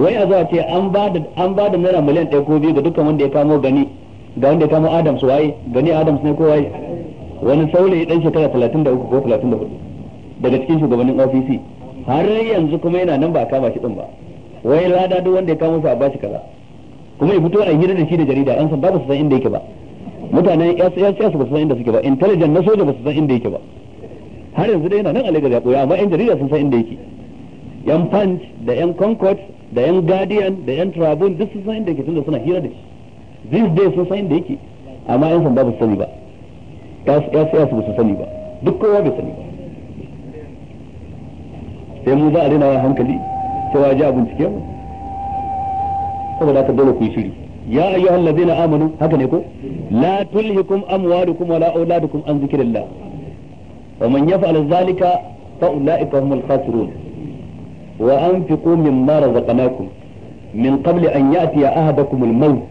wai a zuwa ce an ba da an ba da naira miliyan ɗaya ko biyu ga dukkan wanda ya kamo gani ga wanda ya kamo Adams waye gani Adams ne ko waye wani ya dan shekara 33 ko 34 daga cikin shugabannin ofc har yanzu kuma yana nan ba a kama shi din ba wai lada duk wanda ya kamo su a bashi kaza kuma ya fito a hira da shi da jarida an san ba su san inda yake ba mutanen SSS ba su san inda suke ba intelligence na soja ba su san inda yake ba har yanzu dai yana nan a Lagos ya koya amma yan jarida sun san inda yake yan punch da yan concord da yan guardian da yan tribune duk sun san da yake tunda suna hira da shi these days sun san da yake amma yan sanda ba su sani ba ya su ba su sani ba duk kowa bai sani ba sai mu za a rena hankali cewa ji a bincike mu saboda aka dole ku yi shiri ya ayyuhal ladzina amanu haka ne ko la tulhikum amwalukum wala auladukum an zikrillah wa man yaf'al dhalika fa ulaika humul khasirun wa anfiqu mimma razaqnakum min qabli an ya'tiya ahadakum al-maut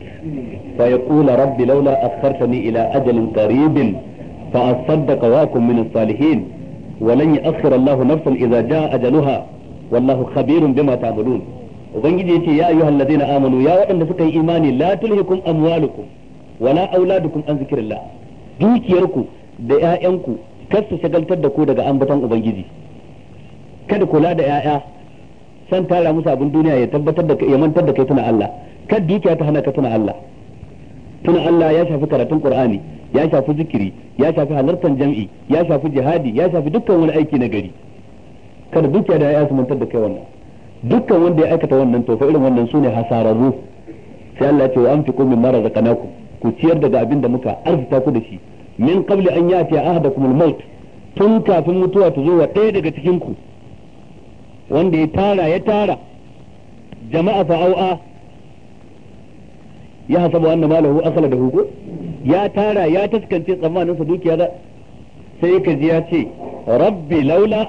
fa yaqula rabbi laula akhartani ila ajalin qaribin fa asaddaq wa akum min as-salihin wa lan ya'khir Allahu nafsan idza jaa ajaluha bima ta'malun ubangiji yace ya ayyuhal ladina amanu ya waɗanda suka yi imani la tulhikum amwalukum wala auladukum an zikrillah dukiyarku da 'ya'yanku kar su shagaltar da ku daga an batan ubangiji kada kula da 'ya'ya. san tara musu abin duniya ya tabbatar da ya mantar da kai tuna Allah kar dukiya ta hana ka tuna Allah tuna Allah ya shafi karatun Qur'ani ya shafi zikiri ya shafi halartar jam'i ya shafi jihadi ya shafi dukkan wani aiki na gari kada dukiya da ya mantar da kai wannan dukkan wanda ya aikata wannan to fa irin wannan sune hasararru sai Allah ya ce wa anfiqu mimma razaqnakum ku ciyar daga abin da muka arzuta ku da shi min qabli an yati ahadakum al-maut tun kafin mutuwa ta zo wa ɗaya daga cikin ku wanda ya tara ya tara jama'a fa'au'a ya hasaba wanda malahu asala da hugo ya tara ya taskance tsammanin sa dukiya da sai ka ji ya ce rabbi laula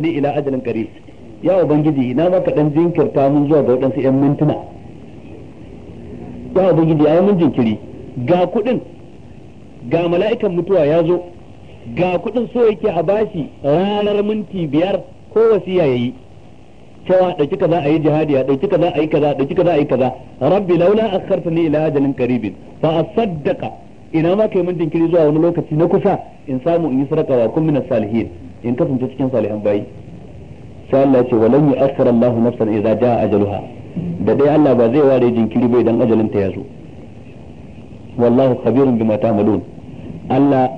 ni ila ajalin qarib ya ubangiji na maka dan jinkirta mun zuwa ga wadansu yan mintuna ya ubangiji ayi mun jinkiri ga kudin ga mala'ikan mutuwa ya zo ga kudin so yake a bashi ranar minti biyar ko wasiya yayi cewa dauki kaza yi jihadi ya dauki kaza yi kaza dauki kaza yi kaza rabbi laula akhartani ila ajalin qaribin fa asaddaqa ina ma kai mun jinkiri zuwa wani lokaci na kusa in samu in yi sadaka wa kun min salihin in kasance cikin salihan bayi sai Allah ya ce walan yu'akhkhir Allahu nafsan idza jaa ajaluha da dai Allah ba zai ware jinkiri ba idan ajalin ta ya zo wallahu khabirun bima ta'malun Allah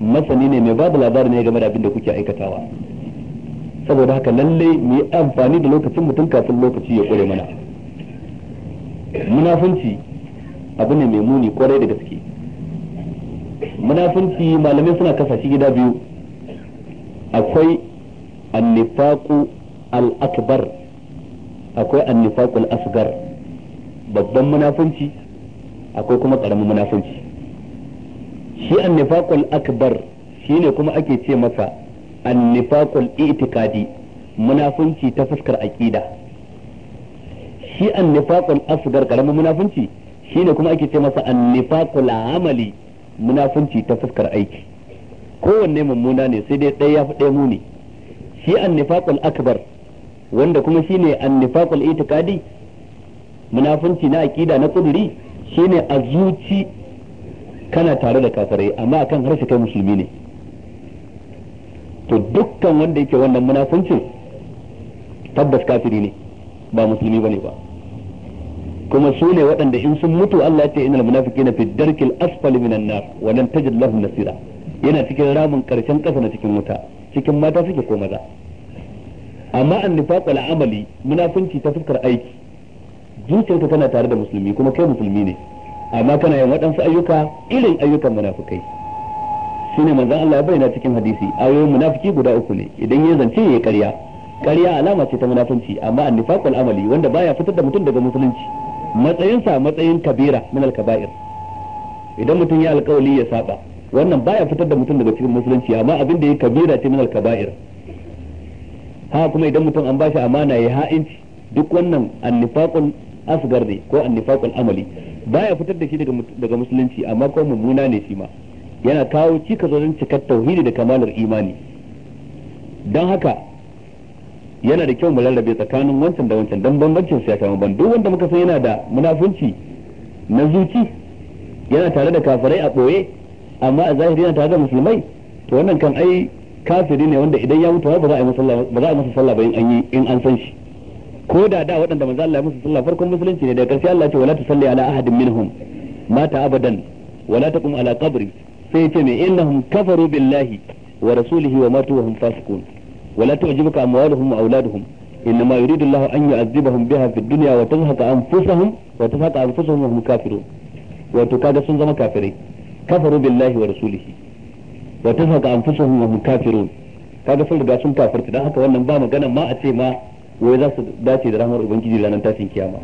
masani ne mai babu labari ne game da abin da kuke aikatawa saboda haka lalle mu yi amfani da lokacin mutum kafin lokaci ya kure mana munafunci abu ne mai muni kwarai da gaske munafunci malamai suna kasa shi gida biyu akwai annifaku al-akbar akwai annifaku al-asgar babban munafunci akwai kuma karamin munafunci shi annifaku al-akbar shine kuma ake ce masa annifaqul i'tiqadi munafunci ta fuskar aqida shi annifaqul asgar karamin munafunci shine kuma ake ce masa annifaqul amali munafunci ta fuskar aiki kowanne mummuna ne sai dai ɗaya fi ɗaya muni shi annifaqul akbar wanda kuma shine annifaqul i'tiqadi munafunci na aqida na kuduri shine a zuci kana tare da kafirai amma akan harshe kai musulmi ne to dukkan wanda yake wannan munafancin tabbas kafiri ne ba musulmi bane ba kuma su ne waɗanda in sun mutu Allah ce innal munafiqina fi darkil asfali minan nar wa lan tajid lahum nasira yana cikin ramin karshen kasa na cikin wuta cikin mata suke ko maza amma an nifaq al amali munafinci ta fuskar aiki zuciyarka tana tare da musulmi kuma kai musulmi ne amma kana yin waɗansu ayyuka irin ayyukan munafikai shine manzon Allah ya bayyana cikin hadisi ayoyin munafiki guda uku ne idan ya zance ya karya karya alama ce ta munafunci amma annifaqul amali wanda baya fitar da mutum daga musulunci matsayinsa matsayin kabira min al-kaba'ir idan mutum ya alkawali ya saba wannan baya fitar da mutum daga cikin musulunci amma abin da ya kabira ce min al-kaba'ir ha kuma idan mutum an bashi amana ya ha'inci duk wannan annifaqul asgar ne ko annifaqul amali baya fitar da shi daga musulunci amma ko mummuna ne shi ma yana kawo cikas wajen cikar tauhidi da kamalar imani don haka yana da kyau mu rarrabe tsakanin wancan da wancan don bambancin su ya kama ban duk wanda muka san yana da munafunci na zuci yana tare da kafirai a ɓoye amma a zahiri yana tare da musulmai to wannan kan ai kafiri ne wanda idan ya mutu ba za a yi masa sallah ba in an in an san shi ko da da waɗanda manzo Allah ya musu sallah farkon musulunci ne da ƙarshe Allah ya ce wala tusalli ala ahadin minhum mata abadan wala taqum ala qabri sai ce mai innahum kafaru billahi wa rasulihi wa matu wa hum fasiqun wa la tu'jibuka amwaluhum wa auladuhum innama yuridu Allahu an yu'azzibahum biha fid dunya wa tazhaqa anfusuhum wa tazhaqa anfusuhum wa hum kafirun wato kaga sun zama kafirai kafaru billahi wa rasulihi wa tazhaqa anfusuhum wa hum kafirun kaga sun riga sun kafirta dan haka wannan ba magana ma a ce ma wai za su dace da rahmar ubangiji ranar tashin kiyama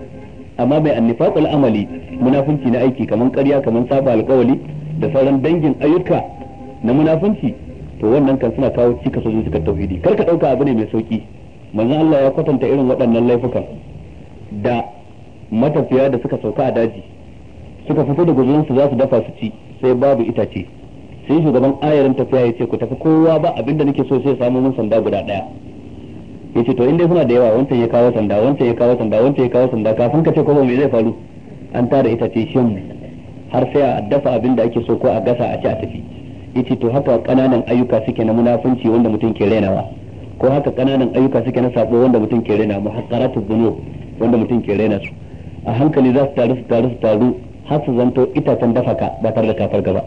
amma mai annifaqul amali munafunci na aiki kaman ƙarya kamar saba alƙawali da sauran dangin ayyuka na munafunci to wannan kan suna kawo cika sojin cikar tauhidi kar ka ɗauka abu ne mai sauƙi manzon Allah ya kwatanta irin waɗannan laifukan da matafiya da suka sauka a daji suka fito da guzurin su za su dafa su ci sai babu itace sai shugaban ayarin tafiya ya ce ku tafi kowa ba abinda nake so sai samu mun sanda guda ɗaya. ce to inda suna da yawa wancan ya kawo sanda wancan ya kawo sanda wancan ya kawo sanda kafin ka ce ko me zai faru an tara ita ce shin har sai a dafa abin da ake so ko a gasa a ci a tafi ce to haka kananan ayyuka suke na munafunci wanda mutum ke ba ko haka kananan ayyuka suke na sabo wanda mutum ke raina muhaqqaratu dhunub wanda mutum ke raina su a hankali za su taru su taru su taru har su zanto itacen dafa ka ba tare da kafar gaba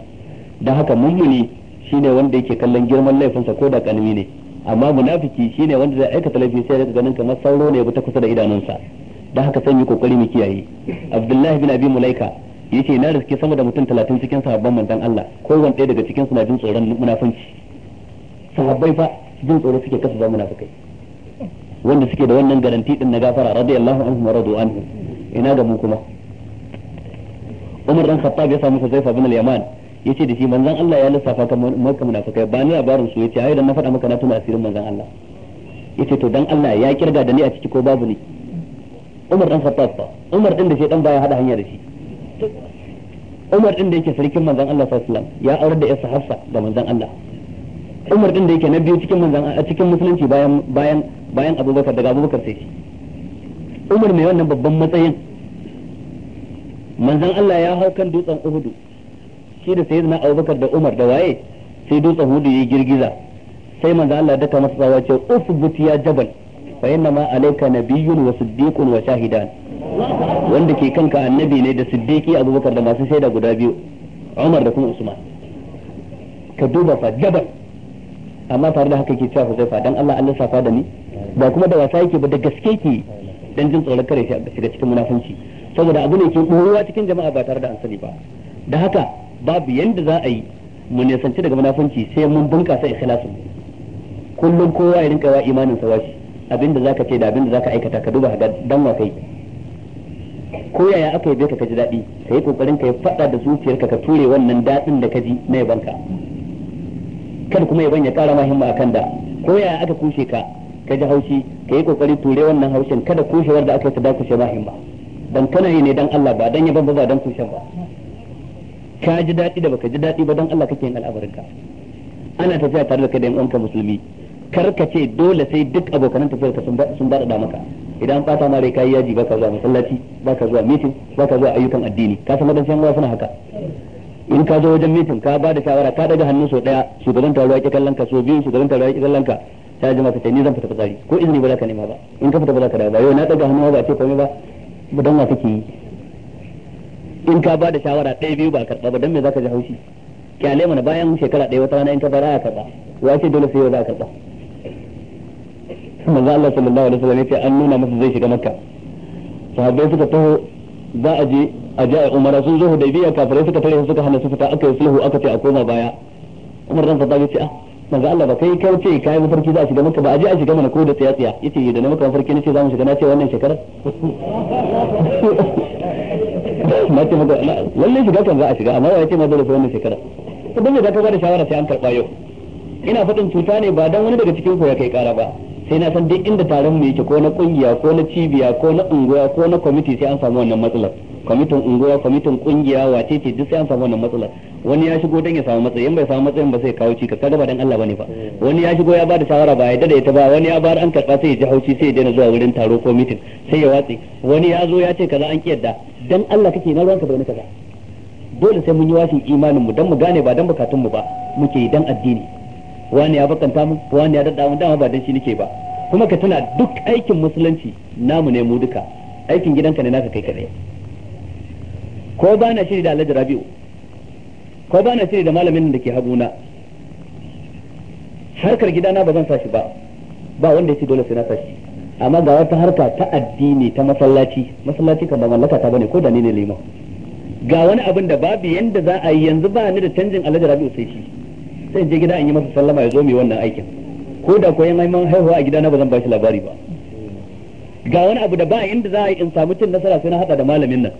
don haka mummuni shine wanda yake kallon girman laifinsa ko da kanimi ne amma munafiki shine wanda zai aikata laifi sai daga ganin kamar sauro ne ba ta kusa da idanunsa da haka sai mu kokari mu kiyaye abdullahi bin abi mulaika yace na riske sama da mutum 30 cikin sahabban manzon Allah ko wanda ɗaya daga cikin su na jin tsoron munafiki sahabbai fa jin tsoro suke kasa ba munafikai wanda suke da wannan garanti din na gafara radiyallahu anhu wa radu anhu ina ga mu kuma Umar dan Khattab ya samu Huzaifa bin al-Yaman yace da shi manzon Allah ya lissafa ka maka munafikai ba ni labarin su yace ai da na faɗa maka na tuna asirin manzon Allah yace to dan Allah ya kirga da ni a ciki ko babu ni Umar dan Khattab Umar din da shi dan baya hada hanya da shi Umar din da yake sarkin manzon Allah sallallahu alaihi wasallam ya aurar da yarsa Hafsa da manzon Allah Umar din da yake na biyu cikin manzon a cikin musulunci bayan bayan bayan Abubakar daga Abubakar sai shi Umar mai wannan babban matsayin manzon Allah ya hau kan dutsen Uhud shi da sayyidina Abubakar da Umar da waye sai dutsen Uhud yi girgiza sai manzo Allah daka masa tsawa ce usbut ya jabal fa inna ma alayka nabiyyun wa siddiqun wa shahidan wanda ke kanka annabi ne da siddiqi Abubakar da masu shaida guda biyu Umar da kuma Usman ka duba fa jabal amma tare da haka ke cewa fa dan Allah Allah safa da ni ba kuma da wasa yake ba da gaske ke dan jin tsoron kare shi shiga cikin munafunci saboda abu ne ke boruwa cikin jama'a ba tare da an sani ba da haka babu yadda za a yi mu nisanci daga munafunci sai mun bunkasa ikhlasu kullum kowa ya rinka imanin sa washi abinda zaka ce da abinda zaka aikata ka duba ga dan wa kai ko yaya aka yi ka ji daɗi ka yi kokarin ka yi faɗa da zuciyarka ka ture wannan daɗin da ka ji na yabanka kada kuma yaban ya ƙara mahimma akan da ko yaya aka kushe ka ka ji haushi ka yi kokarin ture wannan haushin kada kushewar da aka yi ta dakushe mahimma dan kana yi ne dan Allah ba dan yaban ba ba dan kushen ba ka ji daɗi da baka ji daɗi ba don Allah kake yin al'amarinka ana tafiya tare da kai da yan uwanka musulmi kar ka ce dole sai duk abokanan tafiyar ka sun ba da maka idan ba ta mare rai kayi yaji baka zuwa masallaci baka zuwa meeting baka zuwa ayyukan addini ka san madan shanwa suna haka in ka zo wajen meeting ka ba da shawara ka daga hannu sau daya shugaban taruwa ya kallon ka so biyu shugaban taruwa ya kallon ka ta ji maka ce ni zan fita fitsari ko izini ba za ka nema ba in ka fita ba za ka dawo ba yau na daga hannu ba ce komai ba dan wa kake yi in ka ba da shawara ɗaya biyu ba karɓa ba don me ka ji haushi kyale mana bayan shekara ɗaya wata rana in ka fara ya karɓa wa ce dole sai yau za a karɓa manzo Allah sallallahu alaihi wasallam ya an nuna masa zai shiga makka sahabbai suka taho za a je a je umara sun zo hudaybiya kafirai suka tare suka hana su fita aka yi sulhu aka ce a koma baya umar dan fata yace a ah, manzo Allah ba kai kai ce kai mafarki za a shiga makka ba a je a shiga mana ko da tsiya tsiya yace da na maka mafarki ce za mu shiga na ce wannan shekarar na ce maka shiga kan za a shiga amma ya ce ma dole sai wannan shekara to dan da za ka bada shawara sai an karba yau ina faɗin cuta ne ba dan wani daga cikin ku ya kai kara ba sai na san duk inda taron mu yake ko na kungiya ko na cibiya ko na unguwa ko na kwamiti sai an samu wannan matsalar kwamitin unguwa kwamitin kungiya wace ce duk sai an samu wannan matsala wani ya shigo dan ya samu matsayi in bai samu matsayin ba sai kawo cika kada ba dan Allah bane fa hmm. wani ya shigo ya bada shawara ba ya dada ita ba wani ya bar an karba sai ya ji haushi sai ya daina zuwa wurin taro ko mitin sai ya watsi wani ya zo ya ce kaza an kiyarda dan Allah kake na ruwanka bai na kaza dole sai mun yi washin imanin mu dan mu gane ba dan bukatun mu ba muke dan addini wani ya bakanta mu wani ya dadda mu dama ba dan shi nake ba kuma ka tana duk aikin musulunci namu ne mu duka aikin gidanka ne naka kai kadai ko ba na shiri da alhaji rabi'u ko ba na shiri da malamin da ke haguna harkar gidana ba zan sashi ba ba wanda yake dole sai na sashi amma ga wata harka ta addini ta masallaci masallaci kan ba mallaka ta bane ko da ni ne liman ga wani abin da babu yanda za a yi yanzu ba ni da canjin alhaji rabi'u sai shi sai je gida in yi masa sallama ya zo mai wannan aikin ko da koyan aiman haihuwa a gidana ba zan ba shi labari ba ga wani abu da ba inda za a yi in samu cin nasara sai na hada da malamin nan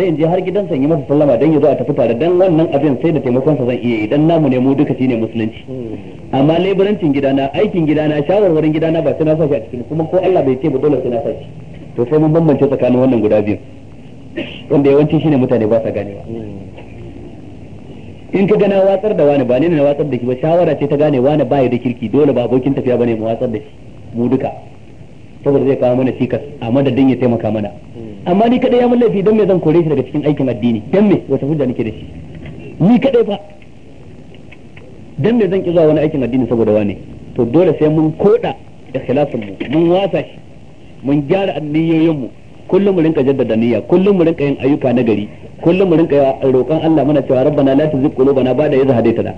sai in je har gidansa in yi masa sallama dan ya zo a tafi tare dan wannan abin sai da taimakon sa zan iya yi dan namu ne mu duka shine musulunci hmm. amma leburancin gidana aikin gidana shawarwarin gidana ba sai na sashi a cikin kuma ko Allah bai ce ba dole sai na sashi to sai mun bambance tsakanin wannan guda biyu wanda yawanci shine mutane ba sa ganewa in ka gana watsar da wani ba ne na watsar da shi ba shawara ce ta gane wani ba ya da kirki dole ba abokin tafiya bane mu watsar da shi mu duka saboda zai kawo mana cikas a madadin ya taimaka mana amma ni kadai ya mun laifi dan me zan kore shi daga cikin aikin addini dan me wata hujja nake da shi ni kadai fa dan me zan ki zuwa wani aikin addini saboda wane to dole sai mun koda ikhlasin mu mun wasa shi mun gyara anniyoyin mu kullum mu rinka jaddada niyya kullum mu rinka yin ayyuka na gari kullum mu rinka roƙon Allah muna cewa rabbana la tuzigh qulubana ba'da idh hadaytana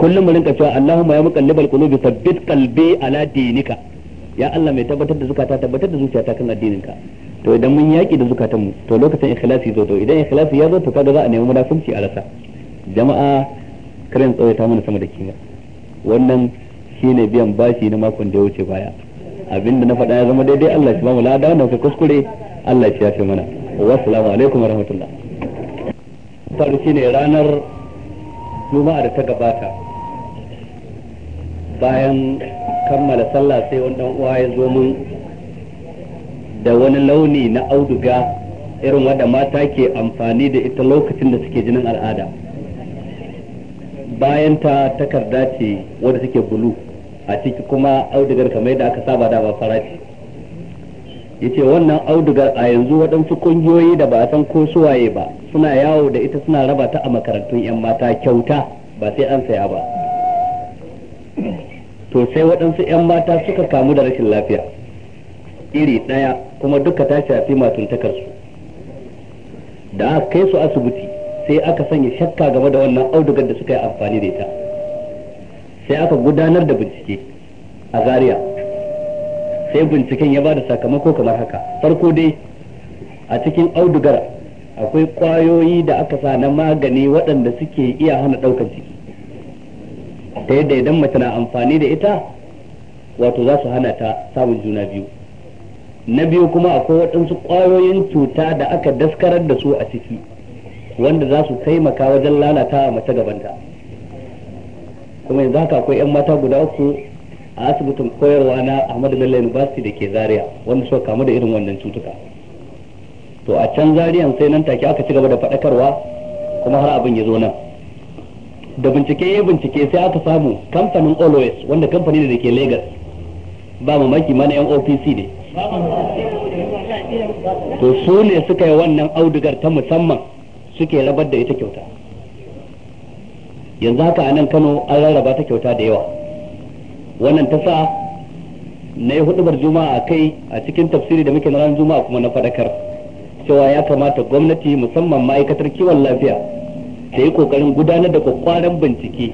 kullum mu rinka cewa allahumma ya muqallibal qulubi thabbit qalbi ala dinika ya Allah mai tabbatar da zukata tabbatar da zuciyata kan addininka to idan mun yaki da zukatan mu to lokacin ikhlasi zo to idan ikhlasi ya zo to kaga za a nemi munafunci a rasa jama'a karin ta mana sama da kima wannan shine biyan bashi na makon da ya wuce baya abinda na faɗa ya zama daidai Allah shi ba mu lada wannan kai kuskure Allah shi ya fi mana assalamu alaikum warahmatullah faru shine ranar juma'a da ta gabata bayan kammala sallah sai wani dan uwa ya zo mun da wani launi na auduga irin wadda mata ke amfani da ita lokacin da suke jinin al'ada bayan ta takarda ce wadda suke bulu a ciki kuma audugar kamar yadda aka saba da ba farashi yace wannan audugar a yanzu waɗansu kungiyoyi da ba a san ko suwaye ba suna yawo da ita suna raba ta a makarantun 'yan mata kyauta ba sai an saya ba to sai waɗansu 'yan mata suka kamu da rashin lafiya iri ɗaya kuma duka ta shafi matuntakar su da aka kai su asibiti sai aka sanya shakka game da wannan audugar da suka yi amfani da ita sai aka gudanar da bincike a zariya sai binciken ya ba da sakamako kamar haka farko dai a cikin audugar akwai kwayoyi da aka sa na magani waɗanda suke iya hana ɗaukar ciki ta yadda idan mace na amfani da ita wato za su hana ta samun juna biyu na biyu kuma akwai waɗansu ƙwayoyin cuta da aka daskarar da su a ciki wanda za su taimaka wajen lalata a mace gabanta kuma yanzu haka akwai 'yan mata guda uku a asibitin koyarwa na ahmadu bello university da ke zaria wanda suka kamu da irin wannan cutuka to a can zariyan sai nan take aka ci gaba da faɗakarwa kuma har abin ya zo nan da bincike ya bincike sai aka samu kamfanin always wanda kamfani da ke lagos ba mamaki mana yan opc ne to su ne suka yi wannan audugar ta musamman suke rabar da ita kyauta yanzu haka a nan kano an rarraba ta kyauta da yawa wannan ta sa na yi hudubar juma'a a kai a cikin tafsiri da muke na ran juma'a kuma na fadakar cewa ya kamata gwamnati musamman ma'aikatar kiwon lafiya ta yi kokarin gudanar da kwakwaran bincike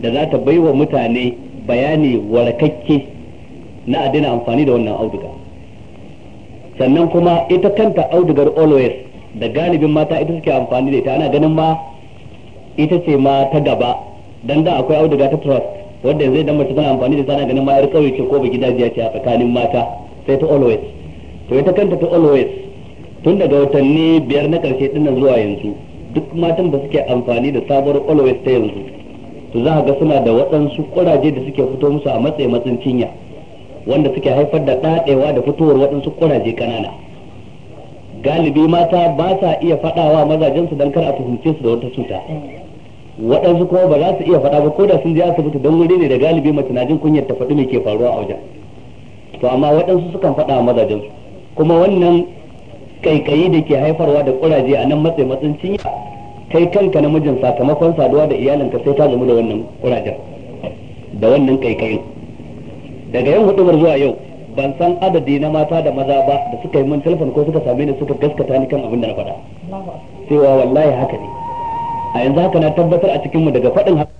da za ta baiwa mutane bayani warakakke na a daina amfani da wannan auduga sannan kuma ita kanta audugar always da galibin mata ita suke amfani da ita ana ganin ma ita ce ma ta gaba dan da akwai auduga ta trust wanda yanzu idan mace tana amfani da ita ana ganin ma yar kauye ce ko ba gidajiya ce a tsakanin mata sai ta always to ita kanta ta always tun daga watanni biyar na karshe dinnan zuwa yanzu duk matan da suke amfani da sabuwar always ta yanzu to za ga suna da waɗansu kuraje da suke fito musu a matsayin matsin cinya wanda suke haifar da ɗaɗewa da fitowar waɗansu ƙuraje kanana galibi mata ba sa iya faɗawa mazajensu don kar a tuhumce su da wata cuta waɗansu kuma ba za su iya faɗa ba ko da sun je asibiti don wuri ne da galibi mace na jin kunyar ta faɗi mai ke faruwa a wajen to amma waɗansu sukan faɗa wa mazajensu kuma wannan kaikayi da ke haifarwa da ƙuraje a nan matsayi matsin cinya kai kanka namijin sakamakon saduwa da iyalinka sai ta gamu da wannan ƙurajen da wannan kaikayin daga yan hudumar zuwa yau ban san adadi na mata da maza ba da suka yi min telefon ko suka same ni suka gaskata ni kan abin da na faɗa cewa wallahi haka ne a yanzu haka na tabbatar a cikin mu daga faɗin haka